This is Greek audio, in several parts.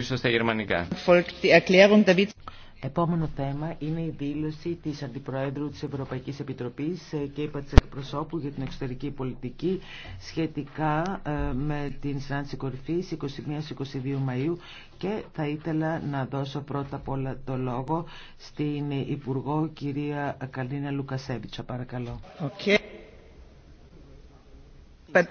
πίσω στα γερμανικά. Επόμενο θέμα είναι η δήλωση της Αντιπροέδρου της Ευρωπαϊκής Επιτροπής ε, και είπα τη εκπροσώπου για την εξωτερική πολιτική σχετικά ε, με την συναντηση κορυφη κορυφής 21-22 Μαΐου και θα ήθελα να δώσω πρώτα απ' όλα το λόγο στην Υπουργό κυρία Καλίνα Λουκασέβιτσα. Παρακαλώ. Okay. But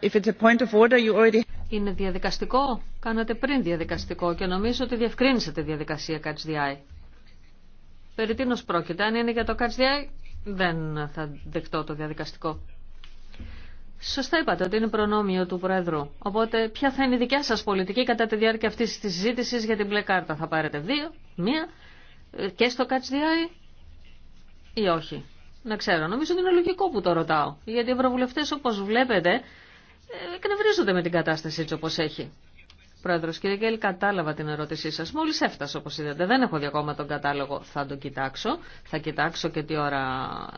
if it's a point of order, you already είναι διαδικαστικό. Κάνατε πριν διαδικαστικό και νομίζω ότι διευκρίνησε τη διαδικασία Catch Περί τίνος πρόκειται. Αν είναι για το Catch δεν θα δεχτώ το διαδικαστικό. Σωστά είπατε ότι είναι προνόμιο του Προεδρού. Οπότε, ποια θα είναι η δικιά σα πολιτική κατά τη διάρκεια αυτή τη συζήτηση για την μπλε κάρτα. Θα πάρετε δύο, μία ε, και στο Catch ή όχι. Να ξέρω. Νομίζω ότι είναι λογικό που το ρωτάω. Γιατί οι ευρωβουλευτέ, όπω βλέπετε, εκνευρίζονται με την κατάσταση έτσι όπως έχει. Πρόεδρος, κύριε Γκέλ, κατάλαβα την ερώτησή σας. Μόλις έφτασα, όπως είδατε. Δεν έχω δει ακόμα τον κατάλογο. Θα τον κοιτάξω. Θα κοιτάξω και τι ώρα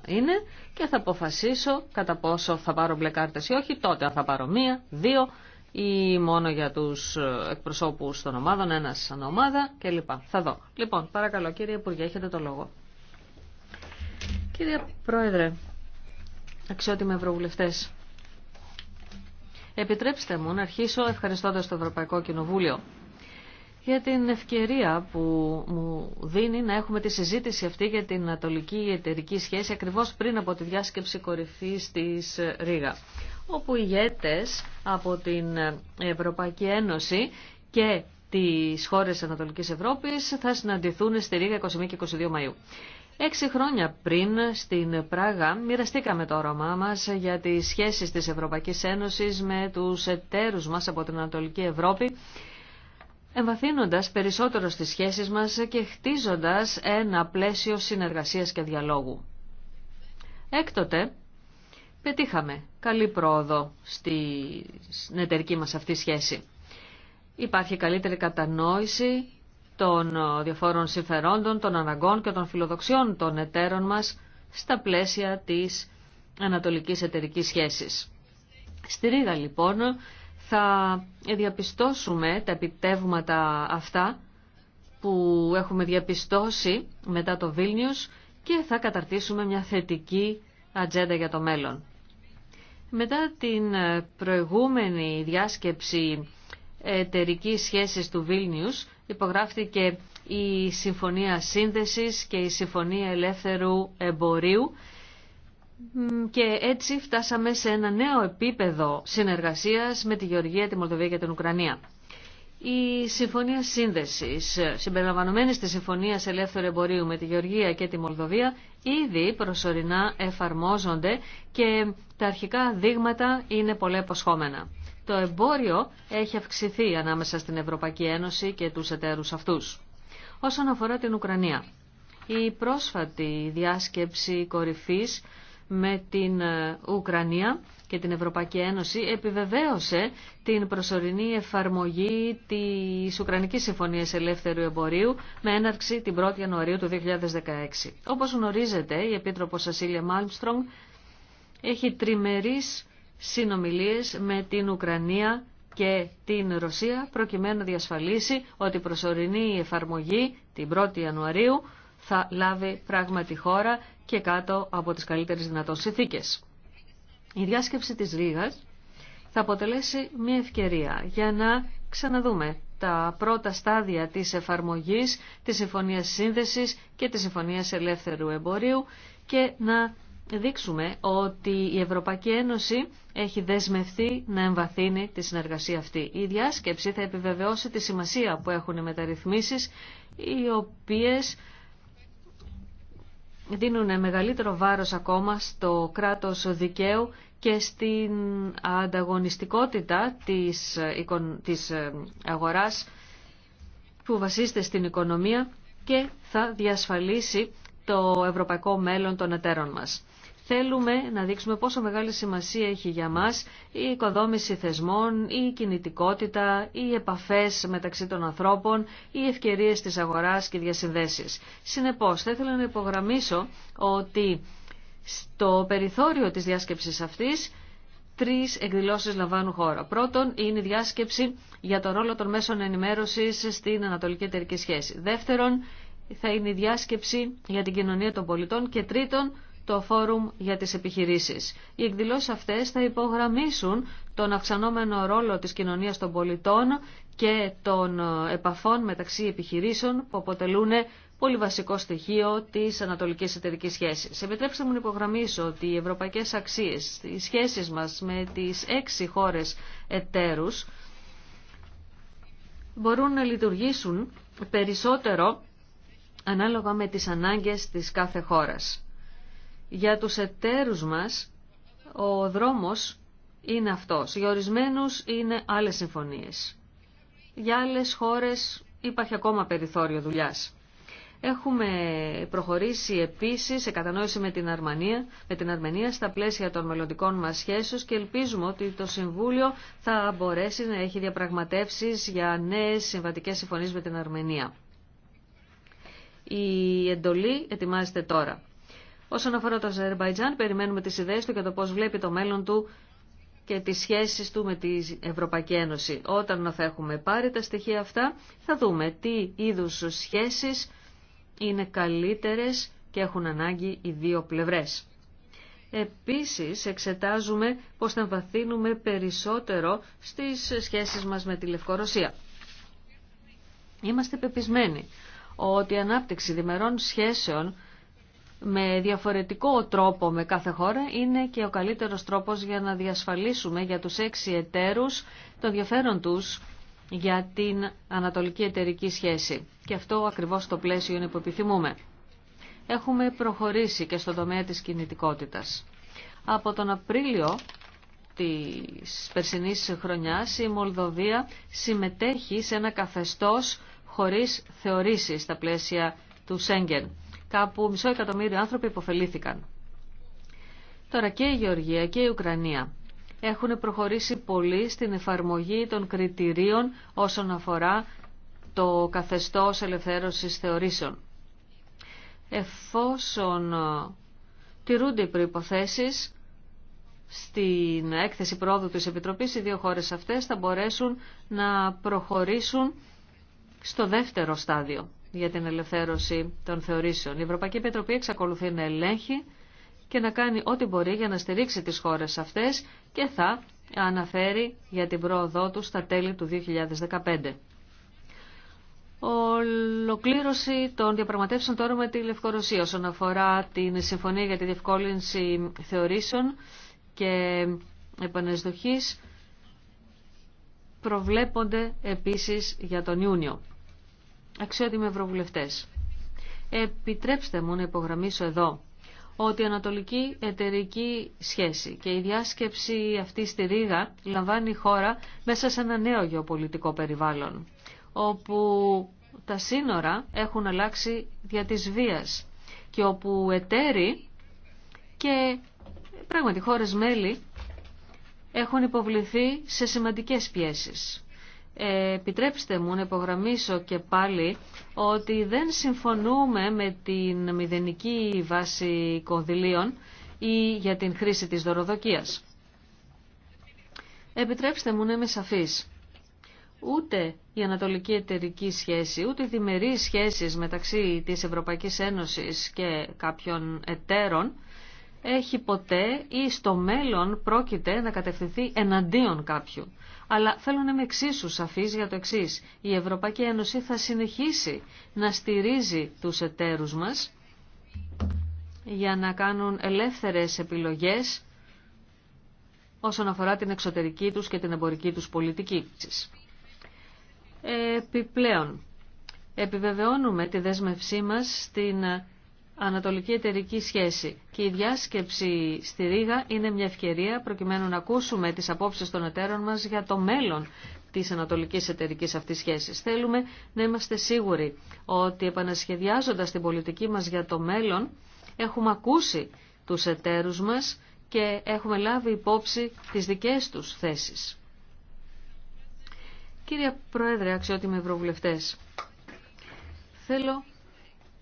είναι και θα αποφασίσω κατά πόσο θα πάρω μπλε κάρτες ή όχι. Τότε αν θα πάρω μία, δύο ή μόνο για τους εκπροσώπους των ομάδων, ένας σαν ομάδα κλπ. Θα δω. Λοιπόν, παρακαλώ κύριε Υπουργέ, έχετε το λόγο. Κύριε Πρόεδρε, αξιότιμοι ευρωβουλευτέ. Επιτρέψτε μου να αρχίσω ευχαριστώντας το Ευρωπαϊκό Κοινοβούλιο για την ευκαιρία που μου δίνει να έχουμε τη συζήτηση αυτή για την Ανατολική Εταιρική Σχέση ακριβώς πριν από τη διάσκεψη κορυφής της Ρήγα, όπου οι ηγέτες από την Ευρωπαϊκή Ένωση και τις χώρες Ανατολικής Ευρώπης θα συναντηθούν στη Ρήγα 21 και 22 Μαΐου. Έξι χρόνια πριν στην Πράγα μοιραστήκαμε το όρομά μας για τις σχέσεις της Ευρωπαϊκής Ένωσης με τους εταίρους μας από την Ανατολική Ευρώπη, εμβαθύνοντας περισσότερο στις σχέσεις μας και χτίζοντας ένα πλαίσιο συνεργασίας και διαλόγου. Έκτοτε, πετύχαμε καλή πρόοδο στην εταιρική μας αυτή σχέση. Υπάρχει καλύτερη κατανόηση των ε, διαφόρων συμφερόντων, των αναγκών και των φιλοδοξιών των εταίρων μας στα πλαίσια της ανατολικής εταιρικής σχέσης. Στη Ρίγα λοιπόν θα διαπιστώσουμε τα επιτεύγματα αυτά που έχουμε διαπιστώσει μετά το Βίλνιους και θα καταρτήσουμε μια θετική ατζέντα για το μέλλον. Μετά την ε, προηγούμενη διάσκεψη εταιρική σχέση του Βίλνιους υπογράφτηκε η Συμφωνία Σύνδεσης και η Συμφωνία Ελεύθερου Εμπορίου και έτσι φτάσαμε σε ένα νέο επίπεδο συνεργασίας με τη Γεωργία, τη Μολδοβία και την Ουκρανία. Η Συμφωνία Σύνδεσης, συμπεριλαμβανομένη τη Συμφωνία Ελεύθερου Εμπορίου με τη Γεωργία και τη Μολδοβία, ήδη προσωρινά εφαρμόζονται και τα αρχικά δείγματα είναι πολλά υποσχόμενα. Το εμπόριο έχει αυξηθεί ανάμεσα στην Ευρωπαϊκή Ένωση και τους εταίρους αυτούς. Όσον αφορά την Ουκρανία, η πρόσφατη διάσκεψη κορυφής με την ε, Ουκρανία και την Ευρωπαϊκή Ένωση επιβεβαίωσε την προσωρινή εφαρμογή της Ουκρανικής Συμφωνίας Ελεύθερου Εμπορίου με έναρξη την 1η Ιανουαρίου του 2016. Όπως γνωρίζετε, η Επίτροπος Ασίλια Μάλμστρομ έχει τριμερείς συνομιλίες με την Ουκρανία και την Ρωσία προκειμένου να διασφαλίσει ότι η προσωρινή εφαρμογή την 1η Ιανουαρίου θα λάβει πράγματι χώρα και κάτω από τις καλύτερες δυνατόν συνθήκες. Η διάσκεψη της Ρήγας θα λαβει πραγματι χωρα και κατω απο τις καλυτερες δυνατον η διασκεψη της ρηγας θα αποτελεσει μια ευκαιρία για να ξαναδούμε τα πρώτα στάδια της εφαρμογής της Συμφωνίας Σύνδεσης και της Συμφωνίας Ελεύθερου Εμπορίου και να δείξουμε ότι η Ευρωπαϊκή Ένωση έχει δεσμευτεί να εμβαθύνει τη συνεργασία αυτή. Η διάσκεψη θα επιβεβαιώσει τη σημασία που έχουν οι μεταρρυθμίσεις οι οποίες δίνουν μεγαλύτερο βάρος ακόμα στο κράτος δικαίου και στην ανταγωνιστικότητα της, της ε, αγοράς που βασίζεται στην οικονομία και θα διασφαλίσει το ευρωπαϊκό μέλλον των εταίρων μας. Θέλουμε να δείξουμε πόσο μεγάλη σημασία έχει για μας η οικοδόμηση θεσμών, η κινητικότητα, οι επαφές μεταξύ των ανθρώπων, οι ευκαιρίες της αγοράς και διασυνδέσεις. Συνεπώς, θα ήθελα να υπογραμμίσω ότι στο περιθώριο της διάσκεψης αυτής τρεις εκδηλώσεις λαμβάνουν χώρα. Πρώτον, είναι η διάσκεψη για τον ρόλο των μέσων ενημέρωσης στην Ανατολική Εταιρική Σχέση. Δεύτερον, θα είναι η διάσκεψη για την κοινωνία των πολιτών. Και τρίτον, το Φόρουμ για τις Επιχειρήσεις. Οι εκδηλώσεις αυτές θα υπογραμμίσουν τον αυξανόμενο ρόλο της κοινωνίας των πολιτών και των ε, επαφών μεταξύ επιχειρήσεων που αποτελούν πολύ βασικό στοιχείο της ανατολικής εταιρικής σχέσης. Επιτρέψτε μου να υπογραμμίσω ότι οι ευρωπαϊκές αξίες, οι σχέσεις μας με τις έξι χώρες εταίρους μπορούν να λειτουργήσουν περισσότερο ανάλογα με τις ανάγκες της κάθε χώρας. Για τους εταίρους μας ο δρόμος είναι αυτός. Για ορισμένους είναι άλλες συμφωνίες. Για άλλες χώρες υπάρχει ακόμα περιθώριο δουλειάς. Έχουμε προχωρήσει επίσης σε κατανόηση με την, Αρμανία, με την Αρμενία στα πλαίσια των μελλοντικών μας σχέσεων και ελπίζουμε ότι το Συμβούλιο θα μπορέσει να έχει διαπραγματεύσεις για νέες συμβατικές συμφωνίες με την Αρμενία. Η εντολή ετοιμάζεται τώρα. Όσον αφορά το Αζερμπαϊτζάν, περιμένουμε τις ιδέες του και το πώς βλέπει το μέλλον του και τις σχέσεις του με την Ευρωπαϊκή Ένωση. Όταν θα έχουμε πάρει τα στοιχεία αυτά, θα δούμε τι είδους σχέσεις είναι καλύτερες και έχουν ανάγκη οι δύο πλευρές. Επίσης, εξετάζουμε πώς θα βαθύνουμε περισσότερο στις σχέσεις μας με τη Λευκορωσία. Είμαστε πεπισμένοι ότι η ανάπτυξη διμερών σχέσεων με διαφορετικό τρόπο με κάθε χώρα είναι και ο καλύτερος τρόπος για να διασφαλίσουμε για τους έξι εταίρους το ενδιαφέρον τους για την ανατολική εταιρική σχέση. Και αυτό ακριβώς το πλαίσιο είναι που επιθυμούμε. Έχουμε προχωρήσει και στο τομέα της κινητικότητας. Από τον Απρίλιο της περσινής χρονιάς η Μολδοβία συμμετέχει σε ένα καθεστώς χωρίς θεωρήσεις στα πλαίσια του Σέγγεν. Κάπου μισό εκατομμύριο άνθρωποι υποφελήθηκαν. Τώρα και η Γεωργία και η Ουκρανία έχουν προχωρήσει πολύ στην εφαρμογή των κριτηρίων όσον αφορά το καθεστώς ελευθέρωσης θεωρήσεων. Εφόσον ε, τηρούνται οι προϋποθέσεις, στην έκθεση πρόοδου της Επιτροπής οι δύο χώρες αυτές θα μπορέσουν να προχωρήσουν στο δεύτερο στάδιο για την ελευθέρωση των θεωρήσεων. Η Ευρωπαϊκή Πετροπή εξακολουθεί να ελέγχει και να κάνει ό,τι μπορεί για να στηρίξει τις χώρες αυτές και θα αναφέρει για την πρόοδό του στα τέλη του 2015. Ολοκλήρωση των διαπραγματεύσεων τώρα με τη Λευκορωσία όσον αφορά την Συμφωνία για τη Διευκόλυνση Θεωρήσεων και Επανεσδοχής προβλέπονται επίσης για τον Ιούνιο αξιότιμοι ευρωβουλευτές. Επιτρέψτε μου να υπογραμμίσω εδώ ότι η ανατολική εταιρική σχέση και η διάσκεψη αυτή στη Ρήγα λαμβάνει η χώρα μέσα σε ένα νέο γεωπολιτικό περιβάλλον, όπου τα σύνορα έχουν αλλάξει δια της βίας και όπου εταίροι και πράγματι χώρες μέλη έχουν υποβληθεί σε σημαντικές πιέσεις. Ε, επιτρέψτε μου να υπογραμμίσω και πάλι ότι δεν συμφωνούμε με την μηδενική βάση κονδυλίων ή για την χρήση της δωροδοκίας. Επιτρέψτε μου να είμαι σαφής. Ούτε η ανατολική εταιρική σχέση, ούτε οι διμερείς σχέσεις μεταξύ της Ευρωπαϊκής Ένωσης και κάποιων εταίρων έχει ποτέ ή στο μέλλον πρόκειται να κατευθυνθεί εναντίον κάποιου αλλά θέλω να είμαι εξίσου σαφής για το εξή. Η Ευρωπαϊκή Ένωση θα συνεχίσει να στηρίζει τους εταίρους μας για να κάνουν ελεύθερες επιλογές όσον αφορά την εξωτερική τους και την εμπορική τους πολιτική. Επιπλέον, επιβεβαιώνουμε τη δέσμευσή μας στην Ανατολική Εταιρική Σχέση. Και η διάσκεψη στη Ρήγα είναι μια ευκαιρία προκειμένου να ακούσουμε τις απόψεις των εταίρων μας για το μέλλον της ανατολικής εταιρικής αυτής σχέσης. Θέλουμε να είμαστε σίγουροι ότι επανασχεδιάζοντας την πολιτική μας για το μέλλον έχουμε ακούσει τους εταίρους μας και έχουμε λάβει υπόψη τις δικές τους θέσεις. Κύριε Πρόεδρε, αξιότιμοι ευρωβουλευτές, θέλω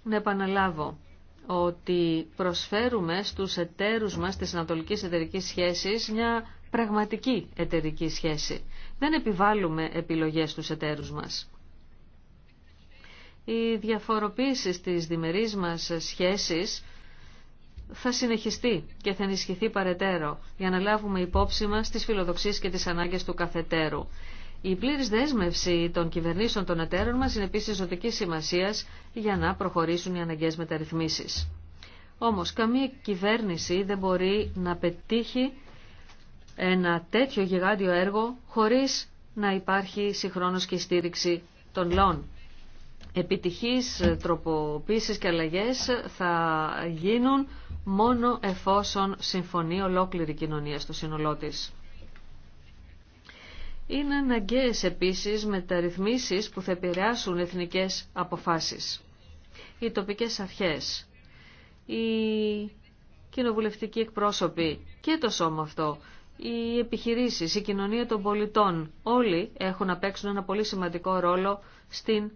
να επαναλάβω ότι προσφέρουμε στους εταίρους μας της ανατολικής εταιρικής σχέσης μια πραγματική εταιρική σχέση. Δεν επιβάλλουμε επιλογές στους εταίρους μας. Η διαφοροποίηση στις διμερείς μας σχέσεις θα συνεχιστεί και θα ενισχυθεί παρετέρω για να λάβουμε υπόψη μας τις φιλοδοξίες και τις ανάγκες του καθετέρου. Η πλήρης δέσμευση των κυβερνήσεων των εταίρων μας είναι επίσης ζωτική σημασία για να προχωρήσουν οι αναγκαίες μεταρρυθμίσεις. Όμως καμία κυβέρνηση δεν μπορεί να πετύχει ένα τέτοιο γιγάντιο έργο χωρίς να υπάρχει συγχρόνως και στήριξη των λαών. Επιτυχείς τροποποίησεις και αλλαγές θα γίνουν μόνο εφόσον συμφωνεί ολόκληρη κοινωνία στο σύνολό της. Είναι αναγκαίες επίσης μεταρρυθμίσεις που θα επηρεάσουν εθνικές αποφάσεις. Οι τοπικές αρχές, οι κοινοβουλευτικοί εκπρόσωποι και το σώμα αυτό, οι επιχειρήσεις, η κοινωνία των πολιτών, όλοι έχουν να παίξουν ένα πολύ σημαντικό ρόλο στην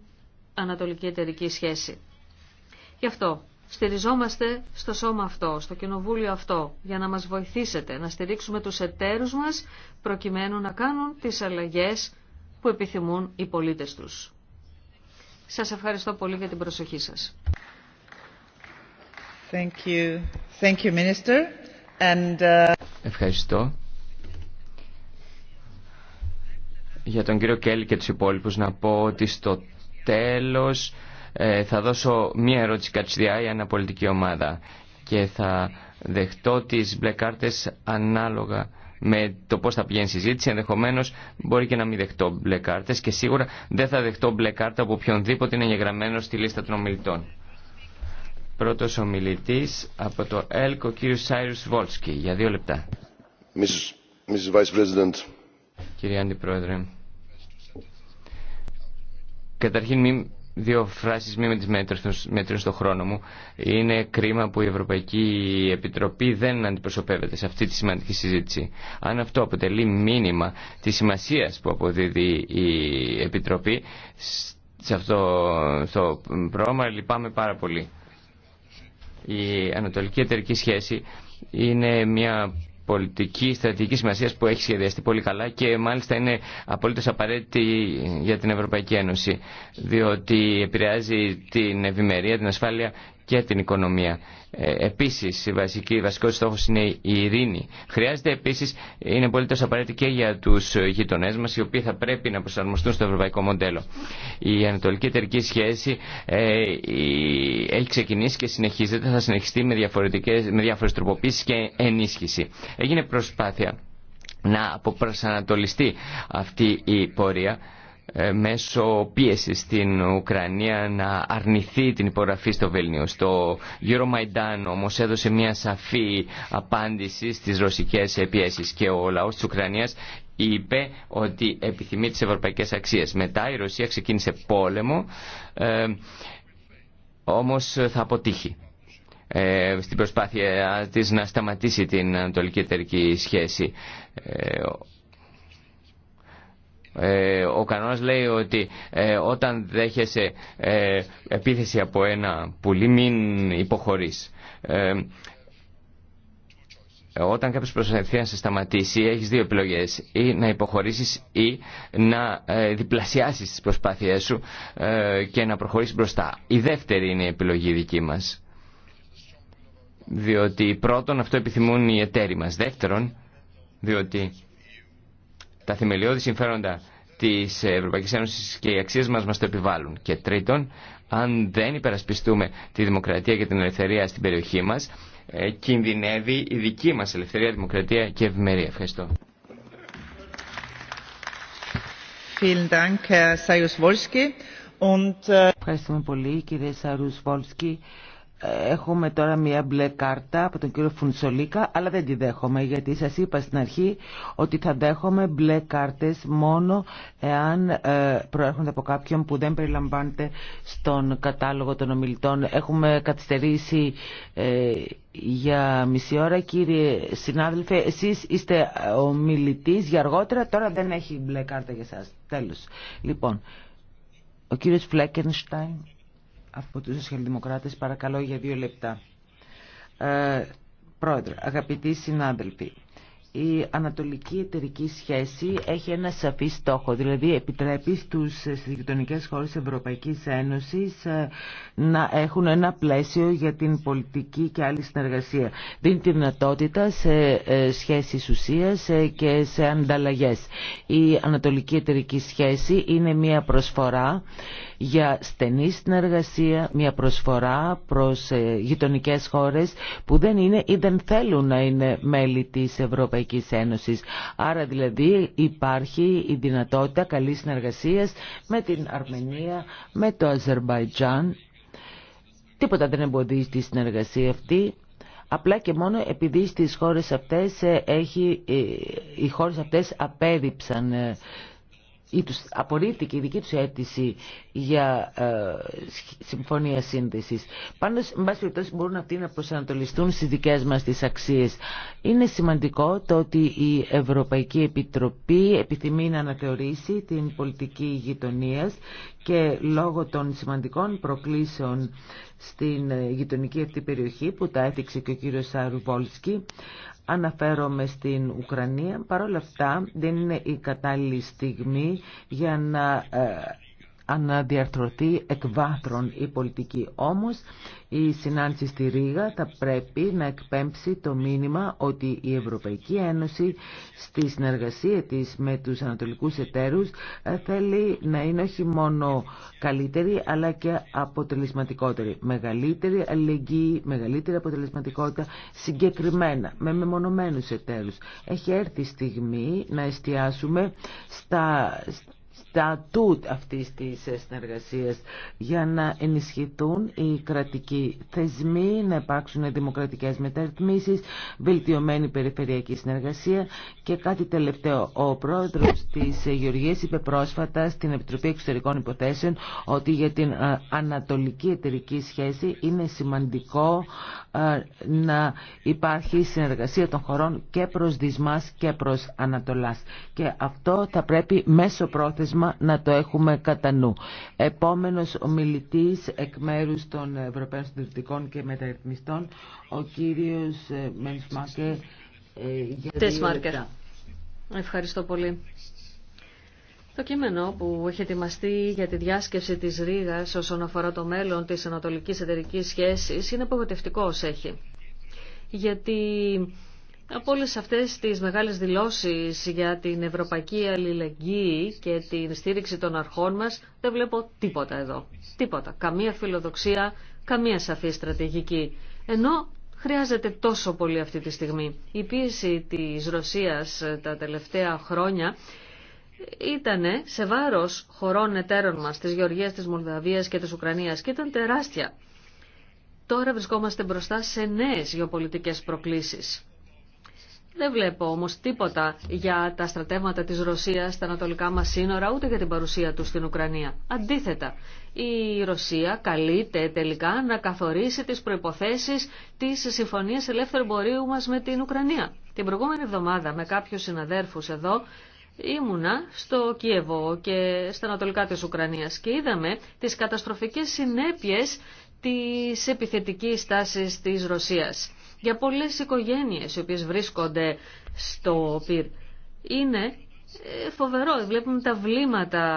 ανατολική εταιρική σχέση. Γι' αυτό στηριζόμαστε στο σώμα αυτό, στο κοινοβούλιο αυτό, για να μας βοηθήσετε, να στηρίξουμε τους εταίρους μας, προκειμένου να κάνουν τις αλλαγές που επιθυμούν οι πολίτες τους. Σας ευχαριστώ πολύ για την προσοχή σας. Thank you. Thank you, Minister. And, uh, Ευχαριστώ. Για τον κύριο Κέλλη και τους υπόλοιπους να πω ότι στο τέλος ε, θα δώσω μία ερώτηση κατσιδιά για ένα πολιτική ομάδα και θα δεχτώ τις μπλε κάρτες ανάλογα με το πώς θα πηγαίνει η συζήτηση. Ενδεχομένως μπορεί και να μην δεχτώ μπλε κάρτες και σίγουρα δεν θα δεχτώ μπλε κάρτα από οποιονδήποτε είναι εγγεγραμμένο στη λίστα των ομιλητών. Πρώτος ομιλητής από το ΕΛΚ, ο κύριος Σάιρους Βόλσκι, για δύο λεπτά. Mrs. Vice President. Κύριε Αντιπρόεδρε, καταρχήν μην δύο φράσεις μη με τις μέτρες στο χρόνο μου. Είναι κρίμα που η Ευρωπαϊκή Επιτροπή δεν αντιπροσωπεύεται σε αυτή τη σημαντική συζήτηση. Αν αυτό αποτελεί μήνυμα της σημασίας που αποδίδει η Επιτροπή σε αυτό το πρόγραμμα, λυπάμαι πάρα πολύ. Η Ανατολική Εταιρική Σχέση είναι μια πολιτική στρατηγική σημασία που έχει σχεδιαστεί πολύ καλά και μάλιστα είναι απολύτω απαραίτητη για την Ευρωπαϊκή Ένωση. Διότι επηρεάζει την ευημερία, την ασφάλεια και την οικονομία. Ε, επίση, η βασική, βασικό στόχο είναι η ειρήνη. Χρειάζεται επίση, είναι πολύ τόσο απαραίτητη και για του γειτονέ μα, οι οποίοι θα πρέπει να προσαρμοστούν στο ευρωπαϊκό μοντέλο. Η ανατολική εταιρική σχέση ε, έχει ξεκινήσει και συνεχίζεται, θα συνεχιστεί με, διαφορετικές, με διάφορες και ενίσχυση. Έγινε προσπάθεια να αποπροσανατολιστεί αυτή η πορεία ε, μέσω πίεση στην Ουκρανία να αρνηθεί την υπογραφή στο Βέλνιο. Στο Euromaidan όμως έδωσε μια σαφή απάντηση στις ρωσικές πιέσεις και ο λαός της Ουκρανίας είπε ότι επιθυμεί τις ευρωπαϊκές αξίες. Μετά η Ρωσία ξεκίνησε πόλεμο, ε, όμως θα αποτύχει ε, στην προσπάθεια της να σταματήσει την ανατολική εταιρική σχέση. Ε, ε, ο κανόνας λέει ότι ε, όταν δέχεσαι ε, επίθεση από ένα πουλί μην υποχωρείς. Όταν κάποιος προσπαθεί να σε σταματήσει έχεις δύο επιλογές ή να υποχωρήσεις ή να διπλασιάσεις τις προσπάθειές σου και να προχωρήσεις μπροστά. Η δεύτερη είναι η επιλογή δική μας. Διότι πρώτον αυτό επιθυμούν οι εταίροι μας. Δεύτερον διότι τα θεμελιώδη συμφέροντα της Ευρωπαϊκής Ένωσης και οι αξίες μας μας το επιβάλλουν. Και τρίτον, αν δεν υπερασπιστούμε τη δημοκρατία και την ελευθερία στην περιοχή μας, ε, κινδυνεύει η δική μας ελευθερία, δημοκρατία και ευημερία. Ευχαριστώ. Äh, Ευχαριστούμε πολύ κύριε Σαρούς Βόλσκι. Έχουμε τώρα μια μπλε κάρτα από τον κύριο Φουνσολίκα, αλλά δεν τη δέχομαι, γιατί σας είπα στην αρχή ότι θα δέχομαι μπλε κάρτες μόνο εάν ε, προέρχονται από κάποιον που δεν περιλαμβάνεται στον κατάλογο των ομιλητών. Έχουμε καθυστερήσει ε, για μισή ώρα. Κύριε συνάδελφε, εσείς είστε ομιλητής για αργότερα, τώρα δεν έχει μπλε κάρτα για σας. Τέλος. Λοιπόν, ο κύριος Φλέκενστάιν από τους σοσιαλδημοκράτες παρακαλώ για δύο λεπτά. Ε, πρόεδρε, αγαπητοί συνάδελφοι, η ανατολική εταιρική σχέση έχει ένα σαφή στόχο, δηλαδή επιτρέπει στους, στις γειτονικές χώρες Ευρωπαϊκής Ένωσης ε, να έχουν ένα πλαίσιο για την πολιτική και άλλη συνεργασία. Δίνει τη δυνατότητα σε ε, σχέσεις ουσίας και σε ανταλλαγές. Η ανατολική εταιρική σχέση είναι μια προσφορά για στενή συνεργασία, μια προσφορά προς ε, γειτονικές χώρες που δεν είναι ή δεν θέλουν να είναι μέλη της Ευρωπαϊκής Ένωσης. Άρα δηλαδή υπάρχει η δυνατότητα καλής συνεργασίας με την Αρμενία, με το Αζερβαϊτζάν. Τίποτα δεν εμποδίζει τη συνεργασία αυτή απλά και μόνο επειδή στις χώρες αυτές ε, έχει, ε, οι χώρες αυτές απέδειψαν ή τους απορρίφθηκε η δική τους αίτηση για ε, συμφωνία σύνδεσης. Πάντως, με πάση περιπτώσει, μπορούν αυτοί να προσανατολιστούν στις δικές μας τις αξίες. Είναι σημαντικό το ότι η Ευρωπαϊκή Επιτροπή επιθυμεί να αναθεωρήσει την πολιτική γειτονία και λόγω των σημαντικών προκλήσεων στην γειτονική αυτή περιοχή που τα έδειξε και ο κύριος Σαρουβόλσκι, αναφέρομαι στην Ουκρανία. παρόλα αυτά δεν είναι η κατάλληλη στιγμή για να ε, αναδιαρθρωθεί εκ βάθρων η πολιτική. Όμως η συνάντηση στη Ρήγα θα πρέπει να εκπέμψει το μήνυμα ότι η Ευρωπαϊκή Ένωση στη συνεργασία της με τους ανατολικούς εταίρους θέλει να είναι όχι μόνο καλύτερη αλλά και αποτελεσματικότερη. Μεγαλύτερη αλληλεγγύη, μεγαλύτερη αποτελεσματικότητα συγκεκριμένα με μεμονωμένους εταίρους. Έχει έρθει η στιγμή να εστιάσουμε στα στατούτ αυτής της συνεργασίας για να ενισχυθούν οι κρατικοί θεσμοί, να υπάρξουν δημοκρατικές μεταρρυθμίσεις, βελτιωμένη περιφερειακή συνεργασία και κάτι τελευταίο. Ο πρόεδρος της Γεωργίας είπε πρόσφατα στην Επιτροπή Εξωτερικών Υποθέσεων ότι για την ε, ανατολική εταιρική σχέση είναι σημαντικό να υπάρχει συνεργασία των χωρών και προς Δυσμάς και προς Ανατολάς. Και αυτό θα πρέπει μέσω πρόθεσμα να το έχουμε κατά νου. Επόμενος ομιλητής εκ μέρους των Ευρωπαίων Συντηρητικών και Μεταρρυθμιστών, ο κύριος ε, Μενσμάκε. Ε, Ευχαριστώ πολύ. Το κείμενο που έχει ετοιμαστεί για τη διάσκεψη της Ρήγας όσον αφορά το μέλλον της ανατολικής εταιρικής σχέσης είναι απογοητευτικό ως έχει. Γιατί από όλε αυτές τις μεγάλες δηλώσεις για την ευρωπαϊκή αλληλεγγύη και την στήριξη των αρχών μας δεν βλέπω τίποτα εδώ. Τίποτα. Καμία φιλοδοξία, καμία σαφή στρατηγική. Ενώ χρειάζεται τόσο πολύ αυτή τη στιγμή. Η πίεση της Ρωσίας τα τελευταία χρόνια ήτανε σε βάρος χωρών εταίρων μας, της Γεωργίας, της Μολδαβίας και της Ουκρανίας και ήταν τεράστια. Τώρα βρισκόμαστε μπροστά σε νέες γεωπολιτικές προκλήσεις. Δεν βλέπω όμως τίποτα για τα στρατεύματα της Ρωσίας στα ανατολικά μα σύνορα, ούτε για την παρουσία του στην Ουκρανία. Αντίθετα, η Ρωσία καλείται τελικά να καθορίσει τις προϋποθέσεις της Συμφωνίας Ελεύθερου εμπορίου μας με την Ουκρανία. Την προηγούμενη εβδομάδα με κάποιου συναδέρφους εδώ Ήμουνα στο Κίεβο και στα ανατολικά της Ουκρανίας και είδαμε τις καταστροφικές συνέπειες της επιθετικής στάσης της Ρωσίας. Για πολλές οικογένειες οι οποίες βρίσκονται στο πυρ είναι ε, φοβερό. Βλέπουμε τα βλήματα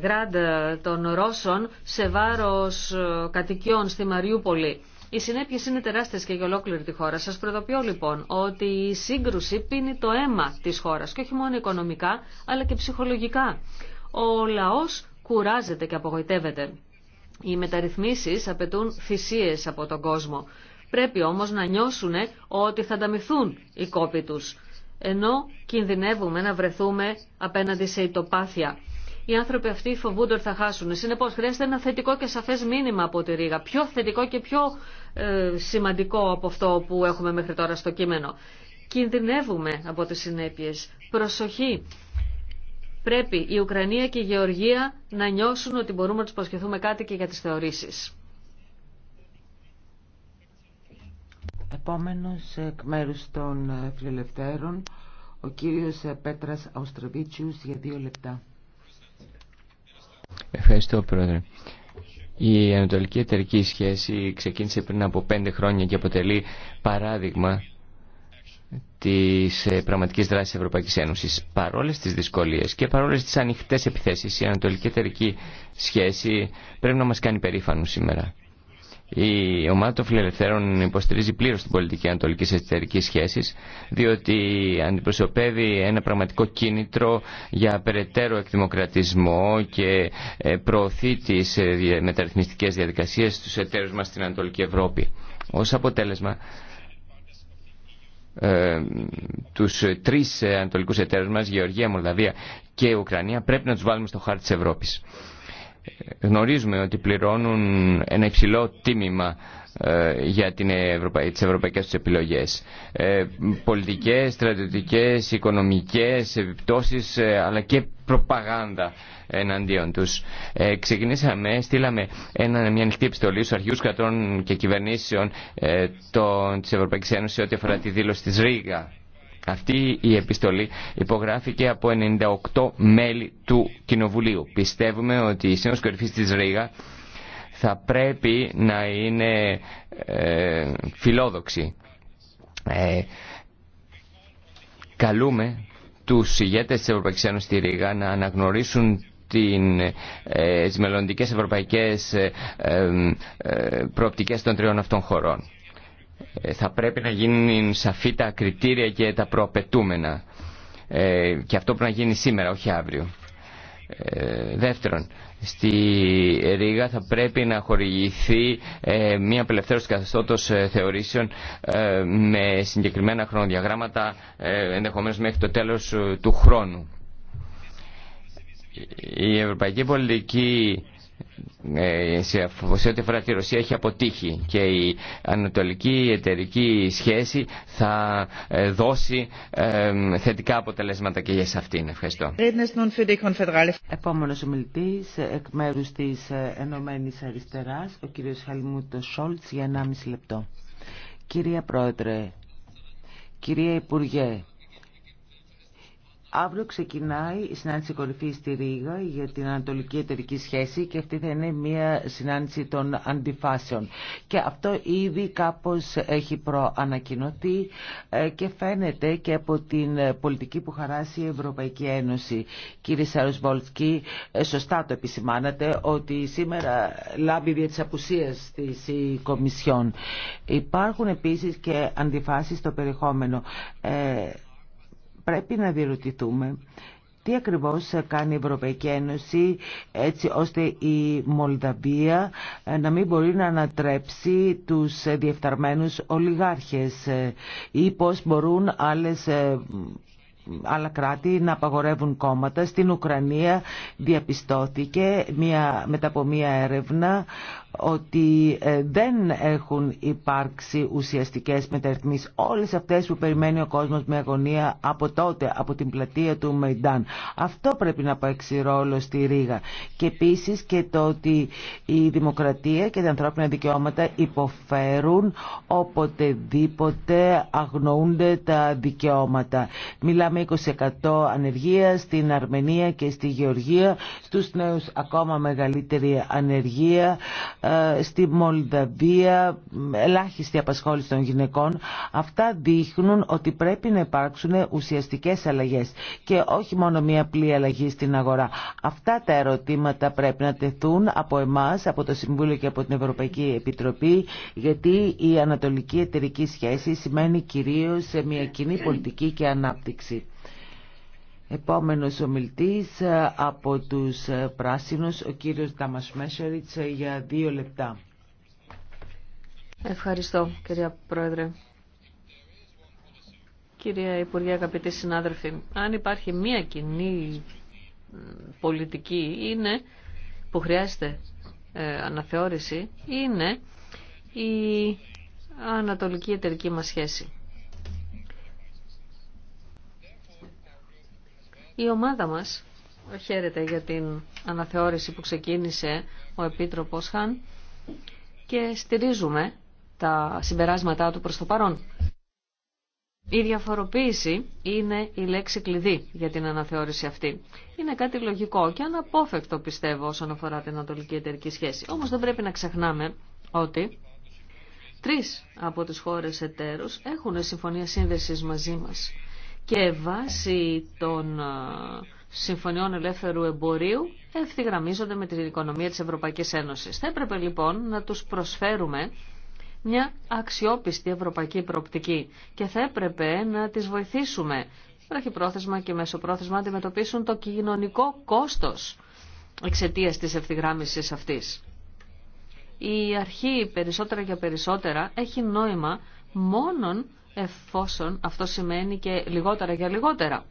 γκραντ των Ρώσων σε βάρος ε, κατοικιών στη Μαριούπολη. Οι συνέπειε είναι τεράστιε και για ολόκληρη τη χώρα. Σα προειδοποιώ λοιπόν ότι η σύγκρουση πίνει το αίμα τη χώρα, και όχι μόνο οικονομικά αλλά και ψυχολογικά. Ο λαό κουράζεται και απογοητεύεται. Οι μεταρρυθμίσεις απαιτούν θυσίε από τον κόσμο. Πρέπει όμω να νιώσουν ότι θα ανταμυθούν οι κόποι τους, ενώ κινδυνεύουμε να βρεθούμε απέναντι σε ητοπάθεια. Οι άνθρωποι αυτοί φοβούνται ότι θα χάσουν. Συνεπώ, χρειάζεται ένα θετικό και σαφέ μήνυμα από τη Ρήγα. Πιο θετικό και πιο ε, σημαντικό από αυτό που έχουμε μέχρι τώρα στο κείμενο. Κινδυνεύουμε από τις συνέπειες. Προσοχή. Πρέπει η Ουκρανία και η Γεωργία να νιώσουν ότι μπορούμε να τους προσχεθούμε κάτι και για τις θεωρήσεις. Επόμενος εκ μέρους των φιλελευθέρων, ο κύριος Πέτρας Αουστροβίτσιους για δύο λεπτά. Ευχαριστώ, Πρόεδρε. Η ανατολική εταιρική σχέση ξεκίνησε πριν από πέντε χρόνια και αποτελεί παράδειγμα της ε, πραγματικής δράσης Ευρωπαϊκής Ένωσης. Παρόλες τις δυσκολίες και παρόλες τις ανοιχτές επιθέσεις, η ανατολική εταιρική σχέση πρέπει να μας κάνει περήφανο σήμερα. Η ομάδα των φιλελευθέρων υποστηρίζει πλήρω την πολιτική ανατολική εσωτερική σχέση, διότι αντιπροσωπεύει ένα πραγματικό κίνητρο για περαιτέρω εκδημοκρατισμό και ε, προωθεί τι ε, μεταρρυθμιστικέ διαδικασίε στου εταίρου μα στην Ανατολική Ευρώπη. Ω αποτέλεσμα, ε, τους τρεις ε, ανατολικούς εταίρους μας, Γεωργία, Μολδαβία και Ουκρανία, πρέπει να τους βάλουμε στο χάρτη της Ευρώπης γνωρίζουμε ότι πληρώνουν ένα υψηλό τίμημα ε, για την Ευρωπα... τις ευρωπαϊκές τους επιλογές. Ε, πολιτικές, στρατιωτικές, οικονομικές επιπτώσεις ε, αλλά και προπαγάνδα εναντίον τους. ξεκινήσαμε, στείλαμε ένα, μια ανοιχτή επιστολή στους αρχιούς κρατών και κυβερνήσεων ε, των, της Ευρωπαϊκής ό,τι αφορά τη δήλωση της Ρήγα αυτή η επιστολή υπογράφηκε από 98 μέλη του Κοινοβουλίου. Πιστεύουμε ότι η Σύνοδος Κορυφής της Ρήγα θα πρέπει να είναι ε, φιλόδοξη. Ε, καλούμε τους ηγέτες της Ευρωπαϊκής Ένωσης στη Ρήγα να αναγνωρίσουν την, ε, τις μελλοντικές ευρωπαϊκές ε, προοπτικές των τριών αυτών χωρών. Ε, θα πρέπει να γίνουν σαφή τα κριτήρια και τα προαπαιτούμενα. Ε, και αυτό πρέπει να γίνει σήμερα, όχι αύριο. Ε, δεύτερον, στη Ρήγα θα πρέπει να χορηγηθεί ε, μια απελευθέρωση καθεστώτος θεωρήσεων με συγκεκριμένα χρονοδιαγράμματα, ενδεχομένως μέχρι το τέλος του χρόνου. Η ευρωπαϊκή πολιτική ε, σε ό,τι αφορά τη Ρωσία έχει αποτύχει και η ανατολική εταιρική σχέση θα ε, δώσει ε, θετικά αποτελέσματα και για σε αυτήν. Ευχαριστώ. Επόμενος ομιλητής εκ μέρου της Ενωμένης Αριστεράς, ο κύριος Χαλμούτο Σόλτς για 1,5 λεπτό. Κυρία Πρόεδρε, κυρία Υπουργέ, Αύριο ξεκινάει η συνάντηση κορυφή στη Ρήγα για την Ανατολική Εταιρική Σχέση και αυτή θα είναι μια συνάντηση των αντιφάσεων. Και αυτό ήδη κάπως έχει προανακοινωθεί ε, και φαίνεται και από την πολιτική που χαράσει η Ευρωπαϊκή Ένωση. Κύριε Σαρουσβολσκή, ε, σωστά το επισημάνατε ότι σήμερα λάβει δια της απουσίας της Κομισιόν. Υπάρχουν επίσης και αντιφάσεις στο περιεχόμενο. Ε, πρέπει να διερωτηθούμε τι ακριβώς κάνει η Ευρωπαϊκή Ένωση έτσι ώστε η Μολδαβία ε, να μην μπορεί να ανατρέψει τους ε, διεφθαρμένους ολιγάρχες ε, ή πώς μπορούν άλλες άλλα κράτη να απαγορεύουν κόμματα. Στην Ουκρανία διαπιστώθηκε μια, μετά από μια έρευνα ότι ε, δεν έχουν υπάρξει ουσιαστικές μεταρρυθμίσεις όλες αυτές που περιμένει ο κόσμος με αγωνία από τότε, από την πλατεία του Μεϊντάν. Αυτό πρέπει να παίξει ρόλο στη Ρήγα. Και επίσης και το ότι η δημοκρατία και τα ανθρώπινα δικαιώματα υποφέρουν οποτεδήποτε αγνοούνται τα δικαιώματα. Μιλάμε 20% ανεργία στην Αρμενία και στη Γεωργία, στους νέους ακόμα μεγαλύτερη ανεργία ε, στη Μολδαβία, ελάχιστη απασχόληση των γυναικών. Αυτά δείχνουν ότι πρέπει να υπάρξουν ουσιαστικές αλλαγές και όχι μόνο μια απλή αλλαγή στην αγορά. Αυτά τα ερωτήματα πρέπει να τεθούν από εμάς, από το Συμβούλιο και από την Ευρωπαϊκή Επιτροπή γιατί η ανατολική εταιρική σχέση σημαίνει κυρίως μια κοινή πολιτική και ανάπτυξη. Επόμενος ομιλητής ε, από τους ε, πράσινους, ο κύριος Τάμας ε, για δύο λεπτά. Ευχαριστώ κυρία Πρόεδρε. Κυρία Υπουργέ, αγαπητοί συνάδελφοι, αν υπάρχει μία κοινή πολιτική είναι, που χρειάζεται αναθεώρηση είναι η ανατολική εταιρική μας σχέση. Η ομάδα μας χαίρεται για την αναθεώρηση που ξεκίνησε ο Επίτροπος Χαν και στηρίζουμε τα συμπεράσματά του προς το παρόν. Η διαφοροποίηση είναι η λέξη κλειδί για την αναθεώρηση αυτή. Είναι κάτι λογικό και αναπόφευκτο πιστεύω όσον αφορά την ανατολική εταιρική σχέση. Όμως δεν πρέπει να ξεχνάμε ότι τρεις από τις χώρες εταίρους έχουν συμφωνία σύνδεσης μαζί μας και βάσει των ε, συμφωνιών ελεύθερου εμπορίου ευθυγραμμίζονται με την οικονομία της Ευρωπαϊκής Ένωσης. Θα έπρεπε λοιπόν να τους προσφέρουμε μια αξιόπιστη ευρωπαϊκή προοπτική και θα έπρεπε να τις βοηθήσουμε πρόθεσμα και μεσοπρόθεσμα να αντιμετωπίσουν το κοινωνικό κόστος εξαιτίας της ευθυγράμμισης αυτής. Η αρχή περισσότερα για περισσότερα έχει νόημα μόνον εφόσον αυτό σημαίνει και λιγότερα για λιγότερα.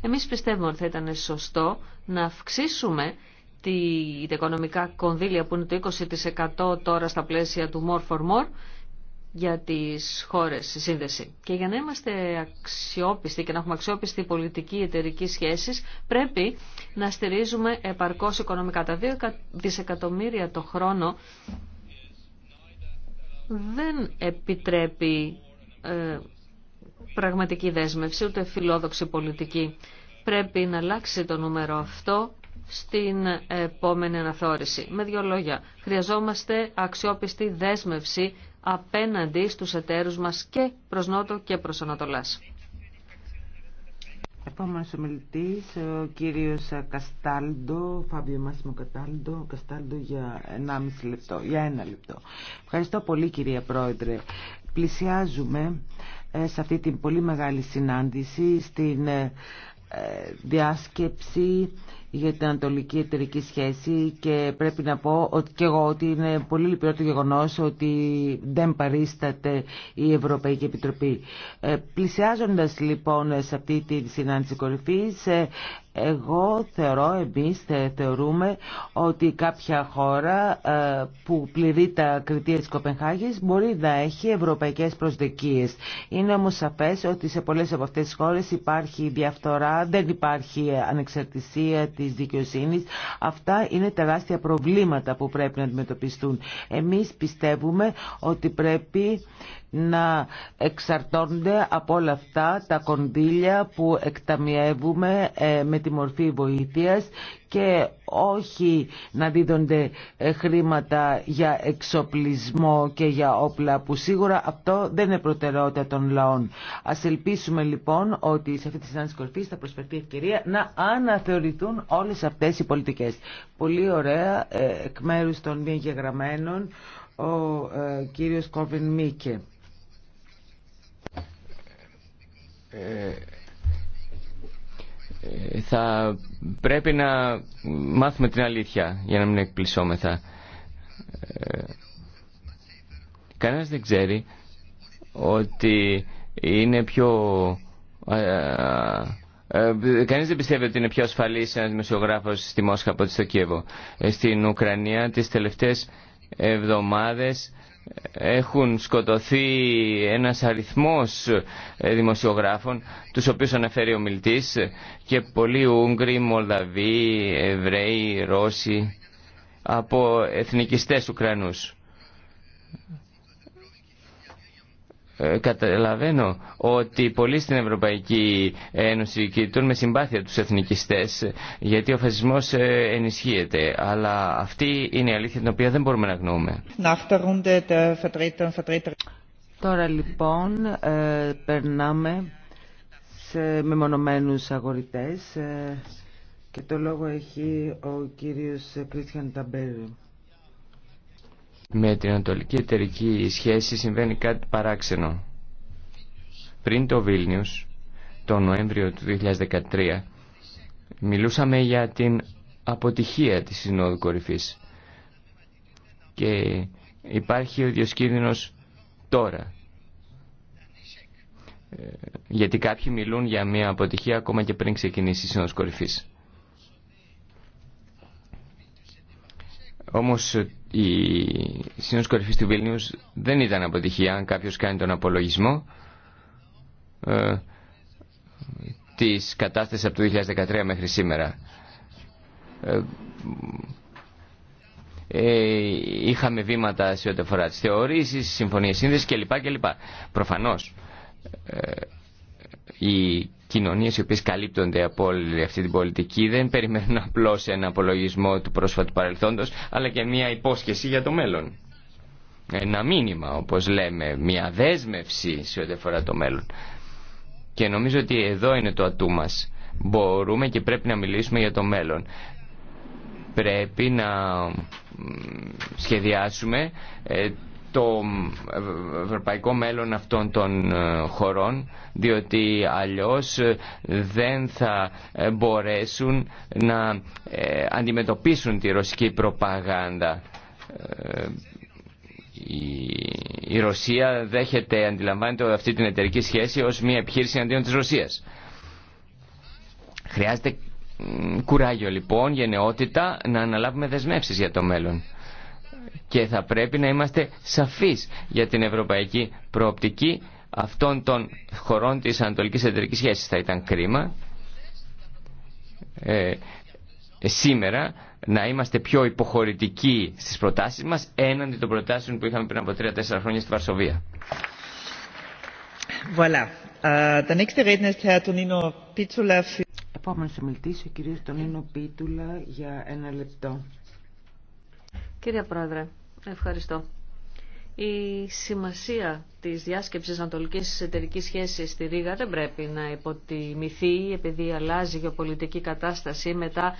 Εμείς πιστεύουμε ότι θα ήταν σωστό να αυξήσουμε τη, τα οικονομικά κονδύλια που είναι το 20% τώρα στα πλαίσια του More for More για τις χώρες στη σύνδεση. Και για να είμαστε αξιόπιστοι και να έχουμε αξιόπιστη πολιτική εταιρική σχέσης πρέπει να στηρίζουμε επαρκώς οικονομικά. Τα 2 δισεκατομμύρια το χρόνο δεν επιτρέπει ε, πραγματική δέσμευση, ούτε φιλόδοξη πολιτική. Πρέπει να αλλάξει το νούμερο αυτό στην επόμενη αναθόρηση. Με δύο λόγια, χρειαζόμαστε αξιόπιστη δέσμευση απέναντι στους εταίρους μας και προς Νότο και προς Ανατολάς. Επόμενος ομιλητής, ο κύριος Καστάλντο, Φάβιο Μάσιμο Καστάλντο, για λεπτό, για ένα λεπτό. Ευχαριστώ πολύ κυρία Πρόεδρε. Πλησιάζουμε ε, σε αυτή την πολύ μεγάλη συνάντηση στην ε, ε, διάσκεψη για την Ανατολική Εταιρική Σχέση και πρέπει να πω ότι και εγώ ότι είναι πολύ λυπηρό το γεγονός ότι δεν παρίσταται η Ευρωπαϊκή Επιτροπή. πλησιάζοντας λοιπόν σε αυτή τη συνάντηση κορυφής εγώ θεωρώ, εμείς θεωρούμε ότι κάποια χώρα ε, που πληρεί τα κριτήρια της Κοπενχάγης μπορεί να έχει ευρωπαϊκές προσδοκίες. Είναι όμως σαφές ότι σε πολλές από αυτές τις χώρες υπάρχει διαφθορά, δεν υπάρχει ανεξαρτησία της δικαιοσύνης. Αυτά είναι τεράστια προβλήματα που πρέπει να αντιμετωπιστούν. Εμείς πιστεύουμε ότι πρέπει να εξαρτώνται από όλα αυτά τα κονδύλια που εκταμιεύουμε ε, με τη μορφή βοήθειας και όχι να δίδονται ε, χρήματα για εξοπλισμό και για όπλα που σίγουρα αυτό δεν είναι προτεραιότητα των λαών. Ας ελπίσουμε λοιπόν ότι σε αυτή τη συνάντηση κορφής θα προσφερθεί ευκαιρία να αναθεωρηθούν όλες αυτές οι πολιτικές. Πολύ ωραία ε, εκ μέρους των μη εγγεγραμμένων ο κύριος Κόβιν Μίκε. Ε, ε, θα πρέπει να μάθουμε την αλήθεια για να μην εκπλησώμεθα. Ε, κανένας δεν ξέρει ότι είναι πιο... Κανείς δεν πιστεύει ότι είναι πιο ασφαλής ένας δημοσιογράφος στη Μόσχα από ότι στο Κίεβο. Στην Ουκρανία τις τελευταίες εβδομάδες έχουν σκοτωθεί ένας αριθμός ε, δημοσιογράφων, τους οποίους αναφέρει ο Μιλτής, και πολλοί Ούγγροι, Μολδαβοί, Εβραίοι, Ρώσοι, από εθνικιστές Ουκρανούς. Ε, καταλαβαίνω ότι πολλοί στην Ευρωπαϊκή Ένωση κοιτούν με συμπάθεια τους εθνικιστές γιατί ο φασισμός ε, ενισχύεται. Αλλά αυτή είναι η αλήθεια την οποία δεν μπορούμε να γνωρούμε. Τώρα λοιπόν ε, περνάμε σε μεμονωμένους αγορητές και το λόγο έχει ο κύριος Κρίστιαν Ταμπέρου με την Ανατολική Εταιρική Σχέση συμβαίνει κάτι παράξενο. Πριν το Βίλνιους, τον Νοέμβριο του 2013, μιλούσαμε για την αποτυχία της Συνόδου Κορυφής και υπάρχει ο ίδιος κίνδυνος τώρα. Ε, γιατί κάποιοι μιλούν για μια αποτυχία ακόμα και πριν ξεκινήσει η Σύνοδος Κορυφής. Όμως η Σύνοδος Κορυφής του Βίλνιους δεν ήταν αποτυχία αν κάποιος κάνει τον απολογισμό ε, της κατάστασης από το 2013 μέχρι σήμερα. Ε, ε, είχαμε βήματα σε ό,τι αφορά τις θεωρήσεις, συμφωνίες σύνδεσης κλπ. κλπ. Προφανώς ε, η κοινωνίες οι οποίες καλύπτονται από όλη αυτή την πολιτική δεν περιμένουν απλώς ένα απολογισμό του πρόσφατου παρελθόντος αλλά και μια υπόσχεση για το μέλλον. Ένα μήνυμα όπως λέμε, μια δέσμευση σε ό,τι αφορά το μέλλον. Και νομίζω ότι εδώ είναι το ατού μας. Μπορούμε και πρέπει να μιλήσουμε για το μέλλον. Πρέπει να σχεδιάσουμε ε, το ευρωπαϊκό μέλλον αυτών των ε, χωρών διότι αλλιώς ε, δεν θα ε, μπορέσουν να αντιμετωπίσουν τη ρωσική προπαγάνδα. Η Ρωσία δέχεται, αντιλαμβάνεται αυτή την εταιρική σχέση ως μια επιχείρηση αντίον της Ρωσίας. Χρειάζεται κουράγιο λοιπόν, γενναιότητα, να αναλάβουμε δεσμεύσεις για το μέλλον και θα πρέπει να είμαστε σαφείς για την ευρωπαϊκή προοπτική αυτών των χωρών της Ανατολικής Εταιρικής Σχέσης. Θα ήταν κρίμα ε, σήμερα να είμαστε πιο υποχωρητικοί στις προτάσεις μας έναντι των προτάσεων που είχαμε πριν απο τρια 3-4 χρόνια στη Βαρσοβία. Voilà. Ε, der nächste ist Herr Tonino για ένα λεπτό. Κύριε Πρόεδρε, Ευχαριστώ. Η σημασία της διάσκεψης ανατολικής εταιρικής σχέσης στη Ρήγα δεν πρέπει να υποτιμηθεί επειδή αλλάζει η γεωπολιτική κατάσταση μετά